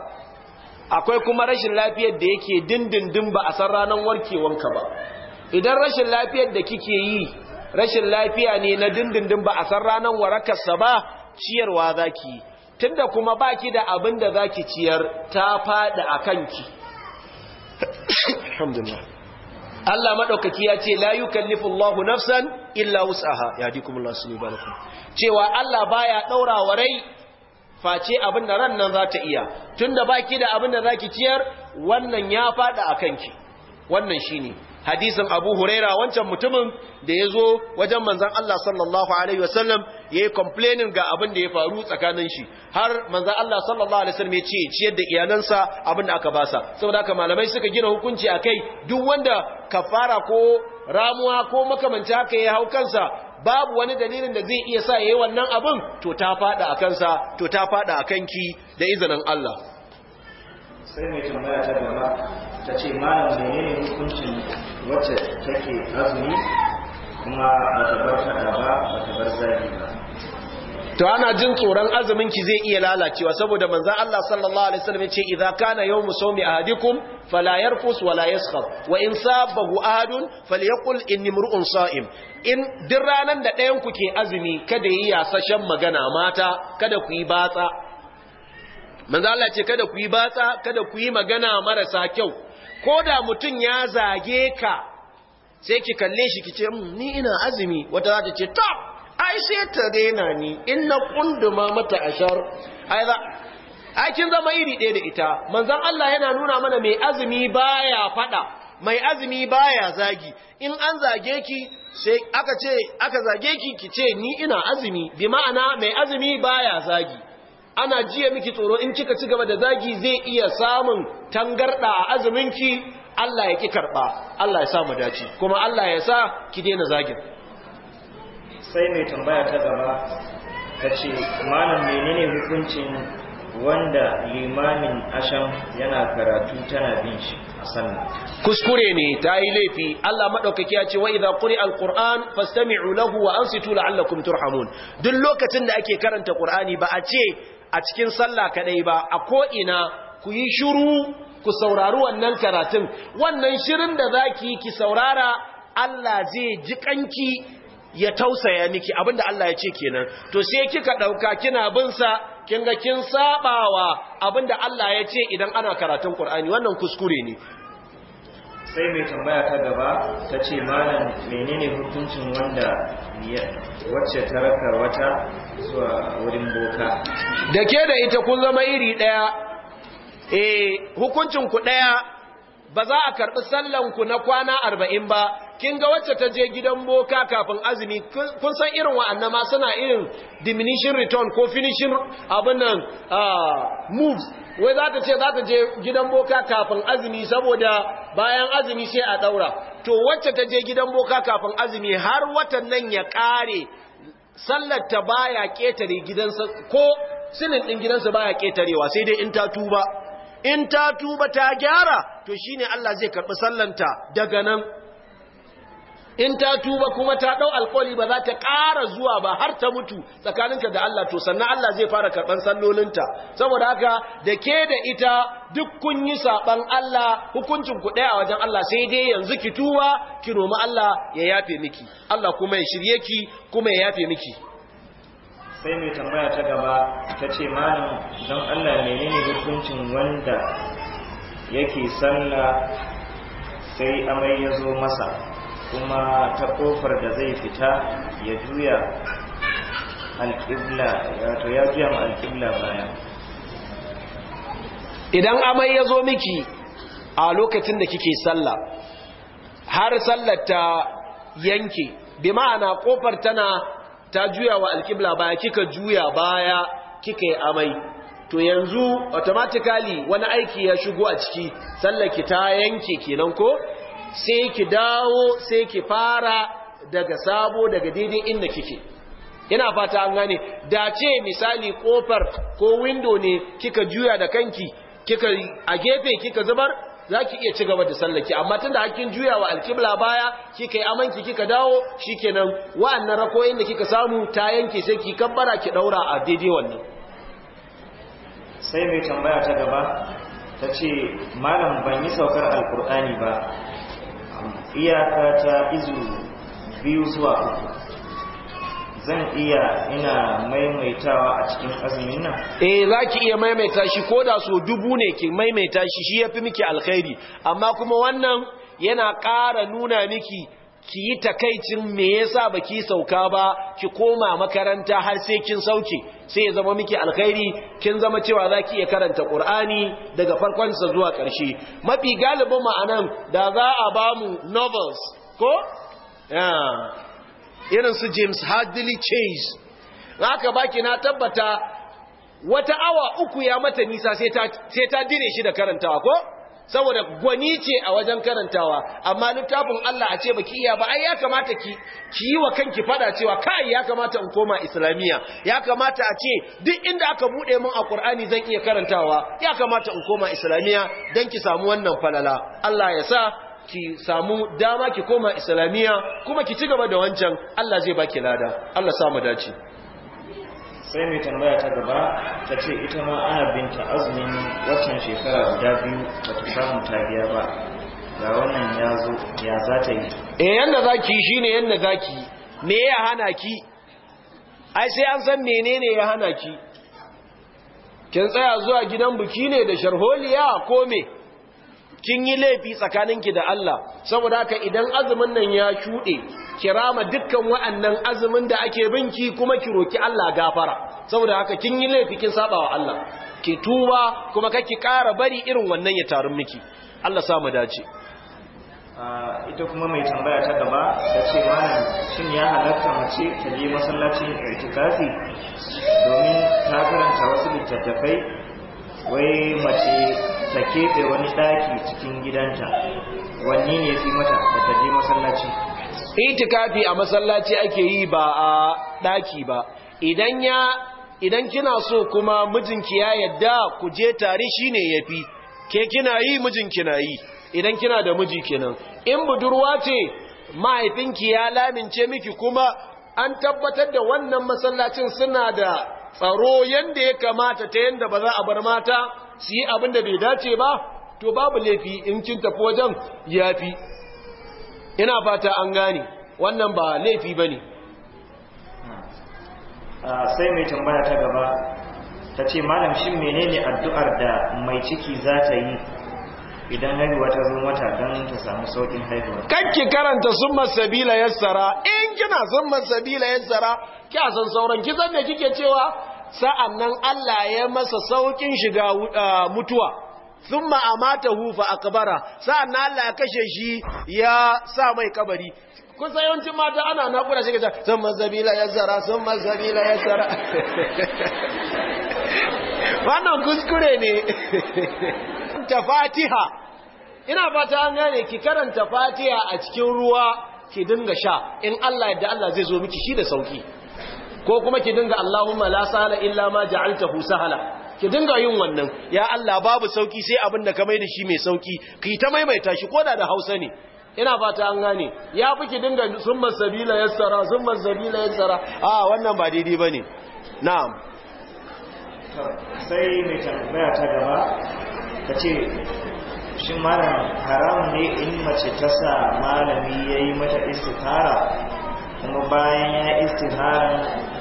akwai kuma rashin lafiyar da yake dindindin ba a san ranar warkewanka ba idan rashin lafiyar da kike yi rashin lafiya ne na dindindin ba a san ranar warakarsa ba ciyarwa zaki tunda kuma baki da abin da zaki ciyar ta fada a kanki alhamdulillah Allah madaukaki ya ce la yukallifu Allahu nafsan illa wus'aha yahdikumullahu subhanahu cewa Allah baya daura wa rai face abin da ran nan za ta iya tunda baki da abin da zaki ciyar wannan ya fada a kanki wannan shine hadisin Abu Huraira wancan mutumin da ya zo wajen manzan Allah sallallahu Alaihi wasallam ya yi complaining ga abin da ya faru tsakanin shi har manzan Allah sallallahu Alaihi wasallam ya ce ciyar da iyalansa abin da aka basa saboda aka malamai suka gina hukunci a kai duk wanda kafara ko ramuwa ko makamanci haka ya hau kansa babu wani dalilin da zai iya sa ya yi wannan abin to ta fada a kansa to ta fada a kanki da izinin Allah sai mai tambaya ta gaba ta ce malam menene hukuncin wacce take azumi kuma ba ta bar fada ba ba ta bar zagi ba to ana jin tsoron azumin ki zai iya lalacewa saboda manzon Allah sallallahu alaihi wasallam yace idza kana yawmu sawmi ahadikum fala yarfus wala yaskhab wa in sabahu ahadun falyaqul inni mur'un sa'im in din ranan da ɗayan ku ke azumi kada yi yasashen magana mata kada ku yi batsa manzon Allah ce kada ku yi batsa kada ku yi magana marasa kyau ko da mutum ya zage ka sai ki kalle shi ki ce hmm, ni ina azumi wata za ta ce top ai sai ta rena ni in na kunduma mata ashar ai za zama iri ɗaya da ita manzon Allah yana nuna mana mai azumi baya fada mai azumi baya zagi in an zage ki sai aka ce aka zage ki ki ce ni ina azumi bi ma'ana mai azumi baya zagi ana jiya miki tsoro in kika ci gaba da zagi zai iya samun tangarda a azuminki Allah ya ki karba Allah ya sa mu dace kuma Allah ya sa ki daina zagin sai mai tambaya ta gaba tace malam menene hukuncin wanda limamin asham yana karatu tana bin shi a sanna kuskure ne ta yi laifi Allah madaukaki ya ce wa idza quri alquran fastami'u lahu wa ansitu la'allakum turhamun duk lokacin da ake karanta qur'ani ba a ce a cikin sallah kadai ba a ko'ina ku yi shiru ku saurari wannan karatun wannan shirin da za ki ki saurara Allah zai ji kanki ya tausaya miki abinda Allah ya ce kenan to sai kika ɗauka kina bin sa kin ga kin sabawa abinda Allah ya ce idan ana karatun ƙur'ani wannan kuskure ne sai mai tambaya ta gaba ta ce malam menene hukuncin wanda wacce ta raka wata zuwa wurin boka da ke da ita kun zama iri ɗaya eh hukuncin ku ɗaya ba za a karɓi sallan ku na kwana arba'in ba kin ga wacce ta je gidan boka kafin azumi kun san irin wa'annan ma suna irin diminishing return ko finishing abin nan ah, moves wai za ta ce za ta je gidan boka kafin azumi saboda bayan azumi sai a daura to wacce ta je gidan boka kafin azumi har watan nan ya kare sallar ta baya ketare gidansa ko sinin din gidansa baya ketarewa sai dai in ta tuba in ta tuba ta gyara to shine Allah zai karbi sallanta daga nan in ta tuba kuma ta ɗau alkali, ba za ta ƙara zuwa ba har ta mutu tsakaninta da Allah to sannan Allah zai fara karban sallolinta saboda haka da ke da ita duk kun yi saban Allah hukuncin ku ɗaya a wajen Allah sai dai yanzu ki tuba ki noma Allah ya yafe miki Allah kuma ya shirye ki kuma ya yafe miki sai mai tambaya ta gaba ta ce malam don Allah menene hukuncin wanda yake sallah sai amai ya zo masa kuma ta kofar da zai fita ya juya alƙibla wato ya juya alƙibla bayan idan amai ya zo miki a lokacin da kike sallah har sallar ta yanke bi ma'ana kofar tana ta juya wa alƙibla baya kika juya baya kika yi amai to yanzu automatically wani aiki ya shigo a ciki sallar ki ta yanke kenan ko sai ki dawo sai ki fara daga sabo daga daidai inda kike ina fata an gane da ce misali kofar ko window ne kika juya da kanki kika a gefe kika zubar zaki iya ci gaba da sallaki amma tunda hakkin juya wa alkibla baya kika yi amanki kika dawo shikenan wa'annan rakoyin da kika samu ta yanke sai ki kabbara ki daura a daidai wannan sai mai tambaya ta gaba ta ce malam ban yi saukar alkur'ani ba iyaka ta izu biyu zuwa uku zan iya ina maimaitawa a cikin azumin nan eh zaki iya maimaita shi koda so dubu ne ki maimaita shi shi yafi miki alkhairi amma kuma wannan yana ƙara nuna miki ki yi takaicin me yasa baki sauka ba ki koma makaranta har sai kin sauke sai ya zama miki alkhairi kin zama cewa zaki iya karanta Qur'ani daga farkon sa zuwa ƙarshe mafi galibin ma'anan da za a ba mu novels ko irin su James Hadley Chase haka baki na tabbata wata awa uku ya mata nisa sai ta dire shi da karantawa ko saboda gwani ce a wajen karantawa amma littafin Allah a ce baki iya ba ai ya kamata ki ki yi wa kanki fada cewa kai ya kamata in koma islamiya ya kamata a ce duk inda aka bude min a Kur'ani zan iya karantawa ya kamata in koma islamiya dan ki samu wannan falala Allah ya sa ki samu dama ki koma islamiya kuma ki ci gaba da wancan Allah zai baki lada Allah sa mu dace sai mai tambaya ta gaba ta ce ita ma ana binta azumin watan shekara guda biyu ba ta samun ta biya ba ga wannan ya zo ya za ta yi eh yadda za ki shi ne yadda za ki me ya hana ki ai sai an san menene ya hana ki kin tsaya zuwa gidan buki ne da sharholiya ko me kin yi laifi tsakaninki da Allah saboda haka idan azumin nan ya shuɗe kirama dukkan wa'annan azumin da ake binki kuma ki roki Allah gafara saboda haka kin yi laifi kin saba wa Allah ki tuba kuma kake ƙara bari irin wannan ya tarun miki Allah sa mu dace ita kuma mai tambaya ta gaba ta ce mana shin ya halatta mace ta je masallacin irtikafi domin ta karanta wasu littattafai wai mace ta kefe wani daki cikin gidanta wani ne fi mata da ta je masallaci itikafi a masallaci ake yi ba a daki ba idan ya idan kina so kuma mijinki ya yadda ku je tare shine yafi ke kina yi mijinki na yi idan kina da miji kenan in budurwa ce mahaifinki ya lamince miki kuma an tabbatar da wannan masallacin suna da tsaro yadda ya kamata ta yadda ba za a bar mata su yi abin da bai dace ba to babu laifi in kin tafi wajen yafi ina fata an gane wannan ba laifi ba ne. sai mai tambaya ta gaba ta ce malam shi menene addu'ar da mai ciki za ta yi idan haihuwa ta zo wata don ta samu saukin haihuwa kakki karanta sun sabila yassara in kina sun sabila yassara kya san sauran kisan da kike cewa sa'annan Allah ya masa saukin shiga mutuwa thumma amata hu fa akbara sa'annan Allah ya kashe shi ya sa mai kabari kun sai yanci mata ana nakura shi ga san mazabila ya zara san mazabila ya zara <laughs> wannan kuskure ne <laughs> ta fatiha ina fata an gane ki karanta fatiha a cikin ruwa ki dinga sha in Allah yadda Allah zai zo miki shi da sauki ko kuma ki dinga Allahumma la sahala illa ma ja'altahu sahala ki dinga yin wannan ya Allah babu sauki sai abin da ka maida shi mai sauki ki ta maimaita shi koda da Hausa ne ina fata an gane ya fi ki dinga summa sabila yassara summa sabila yassara a wannan ba daidai bane na'am sai mai tambaya ta gaba ta ce shi malam haram ne in mace ta sa malami ya yi mata istihara kuma bayan ya istihara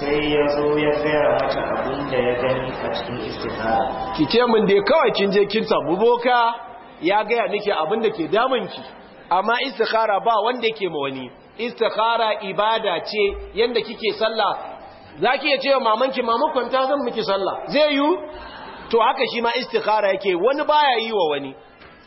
sai ya zo ya gaya mata abin da ya gani a cikin istihara ki ce min dai kawai kin je kin samu boka ya gaya miki abin da ke damun ki. amma istihara ba wanda yake ma wani istihara ibada ce yanda kike sallah zaki ya ce wa mamanki mama kwanta zan miki sallah zai yi to haka shi ma istikhara yake wani baya yi wa wani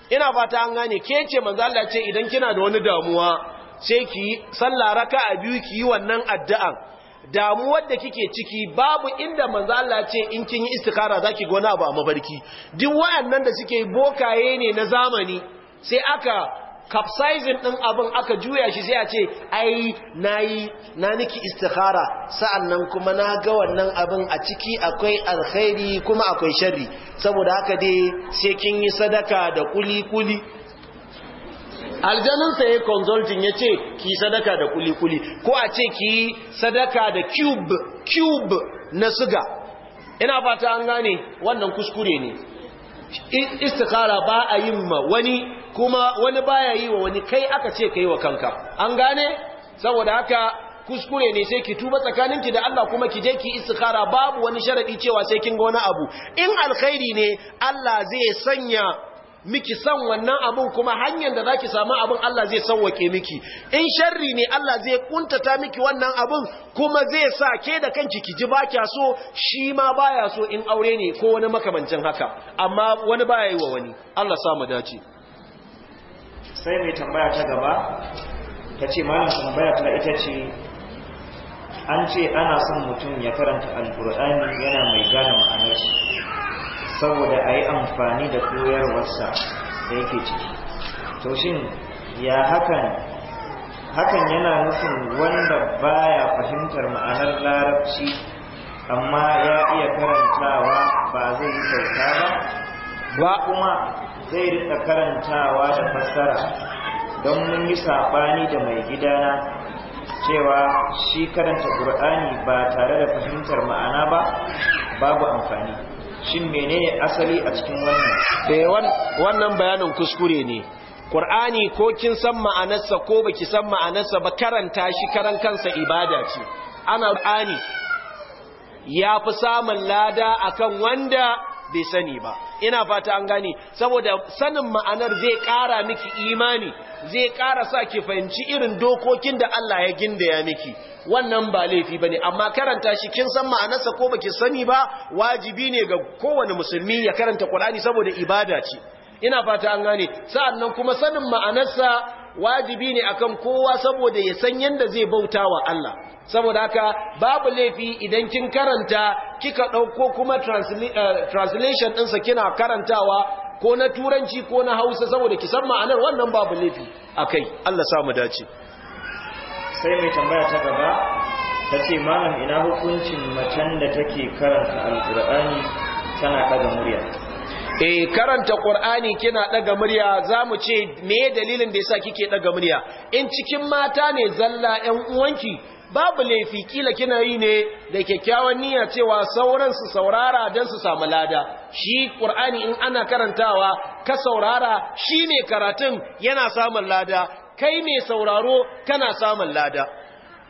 ina fata an gane ke ce manzo Allah ce idan kina da wani damuwa sai ki sallah raka'a biyu ki yi wannan addu'an damuwar da kike ciki babu inda manzo Allah ce in kin yi istikhara zaki ga wani abu a mabarki duk wayannan da suke bokaye ne na zamani sai aka capsizing din abin aka juya shi sai a ce ai nayi na niki istikhara sa'annan kuma na ga wannan abin a ciki akwai alkhairi kuma akwai sharri saboda haka dai sai kin yi sadaka da kuli kuli sa ya consulting ya ce ki sadaka da kuli-kuli ko a ce ki sadaka da cube na suga ina fata an gane wannan kuskure ne istikara ba a yin ma wani kuma wani baya yi wa wani kai aka ce kai wa kanka an gane saboda haka kuskure ne sai ki tuba tsakaninki da Allah kuma ki je ki istikhara babu wani sharadi cewa sai kin ga wani abu in alkhairi ne Allah zai sanya miki san wannan abun kuma hanyar da zaki samu abun Allah zai sauwake miki in sharri ne Allah zai kuntata miki wannan abun kuma zai sa ke da kanki ki ji ba kya so shi ma baya so in aure ne ko wani makamancin haka amma wani baya yi wa wani Allah sa mu dace sai mai tambaya ta gaba ta ce malam tambaya ta ita ce an ce ana son mutum ya karanta alkur'ani yana mai gane ma'anar saboda a yi amfani da koyarwarsa da yake ciki to shin ya hakan hakan yana nufin wanda baya fahimtar ma'anar larabci amma ya iya karantawa ba zai yi sauka ba ba kuma zai rika karantawa da fassara don mun yi saɓani da mai gidana cewa shi karanta ƙur'ani ba tare da fahimtar ma'ana ba babu amfani shin menene asali a cikin wannan eh wannan bayanin kuskure ne Qur'ani ko kin san ma'anarsa ko baki san ma'anarsa ba karanta shi karan kansa ibada ce ana Qur'ani ya fi samun lada akan wanda bai sani ba ina fata an gani saboda sanin ma'anar zai kara miki imani zai kara sa ki fahimci irin dokokin da Allah ya gindaya miki wannan ba laifi bane amma karanta shi kin san ma'anarsa ko baki sani ba wajibi ne ga kowane musulmi ya karanta Qur'ani saboda ibada ce ina fata an gane sa'annan kuma sanin ma'anarsa wajibi ne akan kowa saboda ya san yanda zai bauta wa Allah saboda haka babu laifi idan kin karanta kika dauko kuma eh, translation ɗinsa kina karantawa ko na turanci ko na hausa saboda ki san ma'anar wannan babu laifi akai Allah sa mu dace sai mai tambaya ta gaba ta malam ina hukuncin macen da take karanta alkur'ani tana ɗaga murya eh karanta qur'ani kina daga murya zamu ce me dalilin da yasa kike daga murya in cikin mata ne zalla ɗan uwanki babu laifi kila kina yi ne da kyakkyawan niyya cewa sauran su saurara dan su samu lada shi qur'ani in ana karantawa ka saurara shi ne karatun yana samun lada kai mai sauraro kana samun lada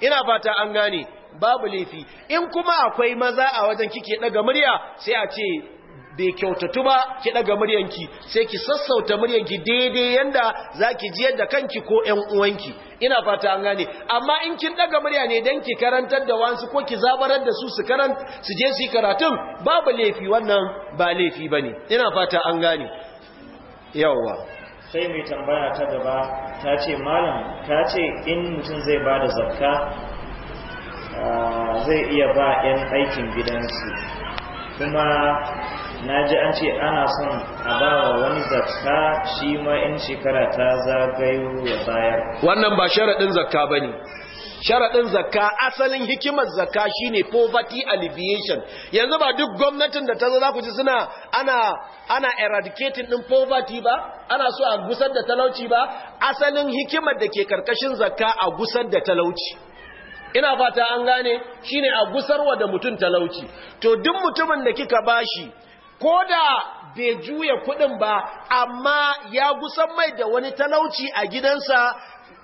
ina fata an gane babu laifi in kuma akwai maza a wajen kike daga murya sai a ce bai kyautatu ba ki daga muryanki sai ki sassauta muryanki daidai yanda zaki ji yadda kanki ko ƴan uwanki ina fata an gane amma in kin daga murya ne dan ki karantar da wansu ko ki zabarar da su su karanta su je su karatun babu laifi wannan ba laifi bane ina fata an gane yawwa sai mai tambaya ta gaba ta ce malam ta ce in mutum zai ba da zakka ah, zai iya ba 'yan aikin gidansu kuma na ji an ce ana son a ba wa wani zakka shi ma in shekara ta zagayo ya bayar wannan ba sharaɗin zakka ba ne sharaɗin zakka asalin hikimar zakka shine poverty alleviation yanzu ba duk gwamnatin da ta zo za ku ji suna ana ana eradicating din poverty ba ana so a gusar da talauci ba asalin hikimar da ke karkashin zakka a gusar da talauci ina fata an gane shine a gusarwa da mutum talauci to duk mutumin da kika bashi ko da bai juya kuɗin ba amma ya gusan mai da wani talauci a gidansa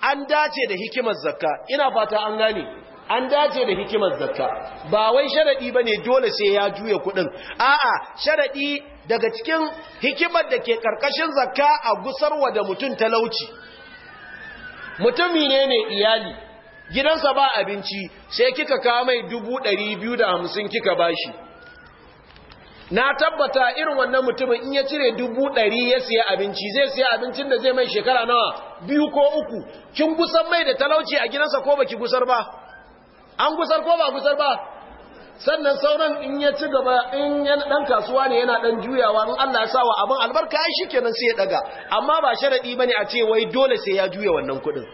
an dace da hikimar zakka ina fata an gani an dace da hikimar zakka ba wai sharadi bane dole sai ya juya kudin a'a sharadi daga cikin hikimar da ke karkashin zakka a gusarwa da mutum talauci mutumi ne ne iyali gidansa ba abinci sai kika kawo mai hamsin kika bashi na tabbata irin wannan mutumin in ya cire dubu ɗari ya siya abinci zai siya abincin da zai mai shekara nawa biyu ko uku kin gusar mai da talauci a gidansa ko baki gusar ba an gusar ko ba gusar ba sannan sauran in ya ci gaba in ya dan kasuwa ne yana dan juyawa in Allah ya sa wa abin albarka ai kenan sai ya ɗaga. amma ba sharadi bane a ce wai dole sai ya juya wannan kuɗin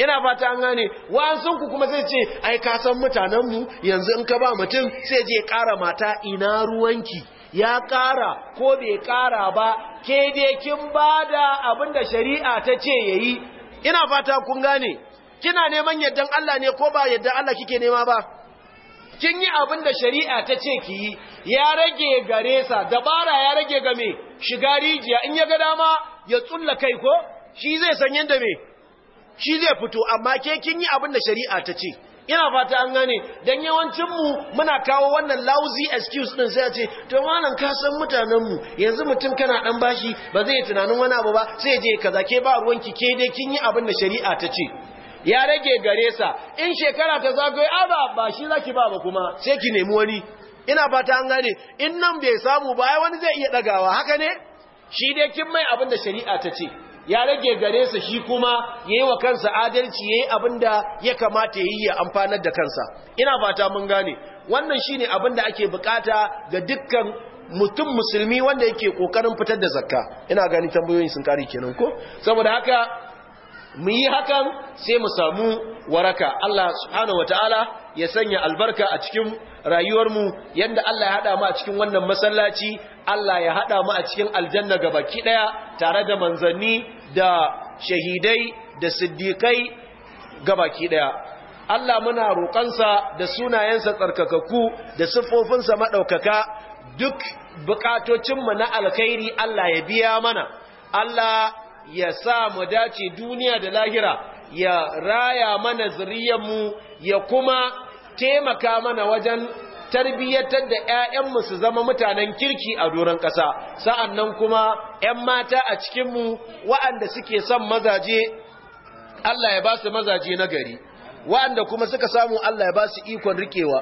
ina fata an gane wa'ansun ku kuma zai ce ai ka san mutanen mu yanzu in ka ba mutum sai je ƙara mata ina ruwanki ya ƙara ko bai ƙara ba ke dai kin ba da abin da shari'a ta ce ya yi ina fata kun gane kina neman yardan Allah ne ko ba yadda Allah kike nema ba kin yi abin da shari'a ta ce ki yi ya rage gare sa dabara ya rage ga me shiga rijiya in ya ga dama ya tsulla kai ko shi zai san yanda me shi zai fito amma ke kin yi abin da shari'a ta ce ina fata an gane don yawancinmu muna kawo wannan lousy excuse din sai a ce to malam ka san mutanen yanzu mutum kana dan bashi ba zai tunanin wani abu ba sai je kaza ke ba ruwanki ke dai kin yi abin da shari'a ta ce ya rage gare sa in shekara ta zagaye a ba ba shi zaki ba ba kuma sai ki nemi wani ina fata an gane in nan bai samu ba wani zai iya dagawa haka ne shi dai kin mai abin da shari'a ta ce ya rage gare sa shi kuma yayi wa kansa adalci yayi abinda ya kamata yayi ya amfanar da kansa ina fata mun gane wannan shine abinda ake bukata ga dukkan mutum musulmi wanda yake kokarin fitar da zakka ina gani tambayoyin sun kare kenan ko saboda haka mu yi hakan sai mu samu waraka Allah subhanahu wataala ya sanya albarka a cikin rayuwarmu yanda Allah ya hada mu a cikin wannan masallaci Allah ya haɗa mu a cikin aljanna ga baki ɗaya tare da manzanni da shahidai da siddiƙai ga baki ɗaya Allah muna roƙonsa da sunayensa tsarkakaku da siffofinsa maɗaukaka duk buƙatocinmu na alkhairi Allah ya biya mana Allah ya sa mu dace duniya da lahira ya raya mana mu ya kuma taimaka mana wajen tarbiyyatar da 'ya'yanmu su zama mutanen kirki a doron ƙasa sa'an nan kuma 'yan mata a cikinmu wa'anda suke son mazaje Allah ya ba su mazaje na gari wa'anda kuma suka samu Allah ya ba su ikon rikewa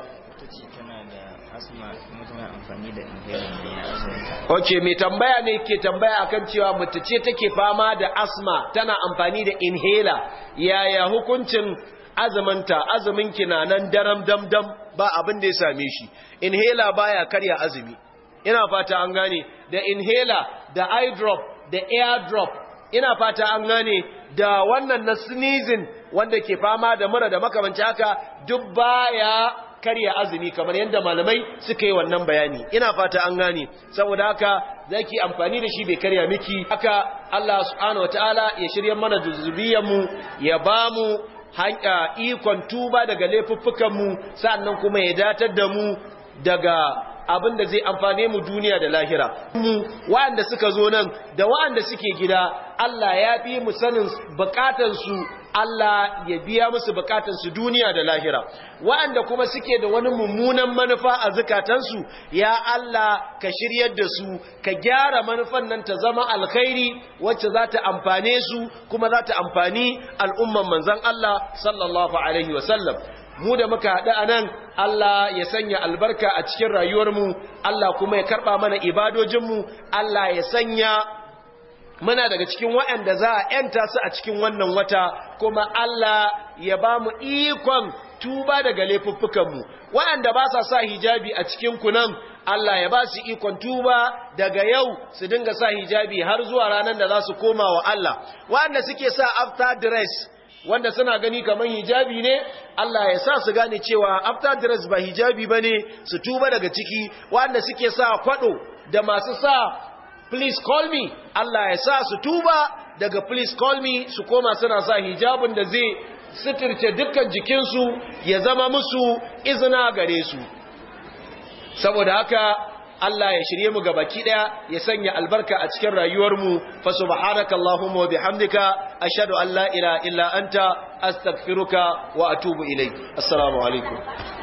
Ok, mai tambaya ne ke tambaya akan cewa mutace take fama da asma tana amfani da inhaler yaya hukuncin azumanta azumin nan daram dam dam ba abin da ya same shi inhaler baya karya azumi ina fata an gane da inhaler da eye drop da air drop ina fata an gane da wannan na sneezing wanda ke fama da mura da makamanci haka duk baya karya azumi kamar yadda malamai suka yi wannan bayani ina fata an gane saboda haka zaki amfani da shi bai karya miki haka Allah subhanahu wataala ya shirye mana mu ya bamu Hanya ikon tuba daga laifuffukanmu sannan kuma ya datar da mu daga abin da zai amfane mu duniya da lahira mu waɗanda suka zo nan da waɗanda suke gida Allah ya fi mu sanin bukatansu Allah ya biya musu bukatansu duniya da lahira waɗanda kuma suke da wani mummunan manufa a zukatansu ya Allah ka shiryar da su ka gyara manufan nan ta zama alkhairi wacce za ta amfane su kuma za ta amfani al'umman manzon Allah sallallahu alaihi wasallam mu da muka haɗu a nan Allah ya sanya albarka a cikin rayuwarmu Allah kuma ya karɓa mana ibadojinmu Allah ya sanya muna daga cikin waɗanda za a ‘yanta su a cikin wannan wata kuma Allah ya ba mu ikon tuba daga laifuffukanmu waɗanda ba sa sa hijabi a cikin kunan Allah ya ba su ikon tuba daga yau su dinga sa hijabi har zuwa ranar da za su koma wa Allah waɗanda suke sa after dress wanda suna gani kamar hijabi ne Allah ya sa su gane cewa after dress ba hijabi bane su tuba daga ciki waɗanda suke sa kwado da masu sa please call me Allah ya sa su tuba daga please call me su koma suna sa hijabin da zai sitirce dukkan jikinsu ya zama musu izina gare su saboda haka Allah ya shirye mu ga baki daya ya sanya albarka a cikin rayuwarmu fa subhanakallahumma wa bihamdika ashhadu an la ilaha illa anta astaghfiruka wa atubu ilayk assalamu alaikum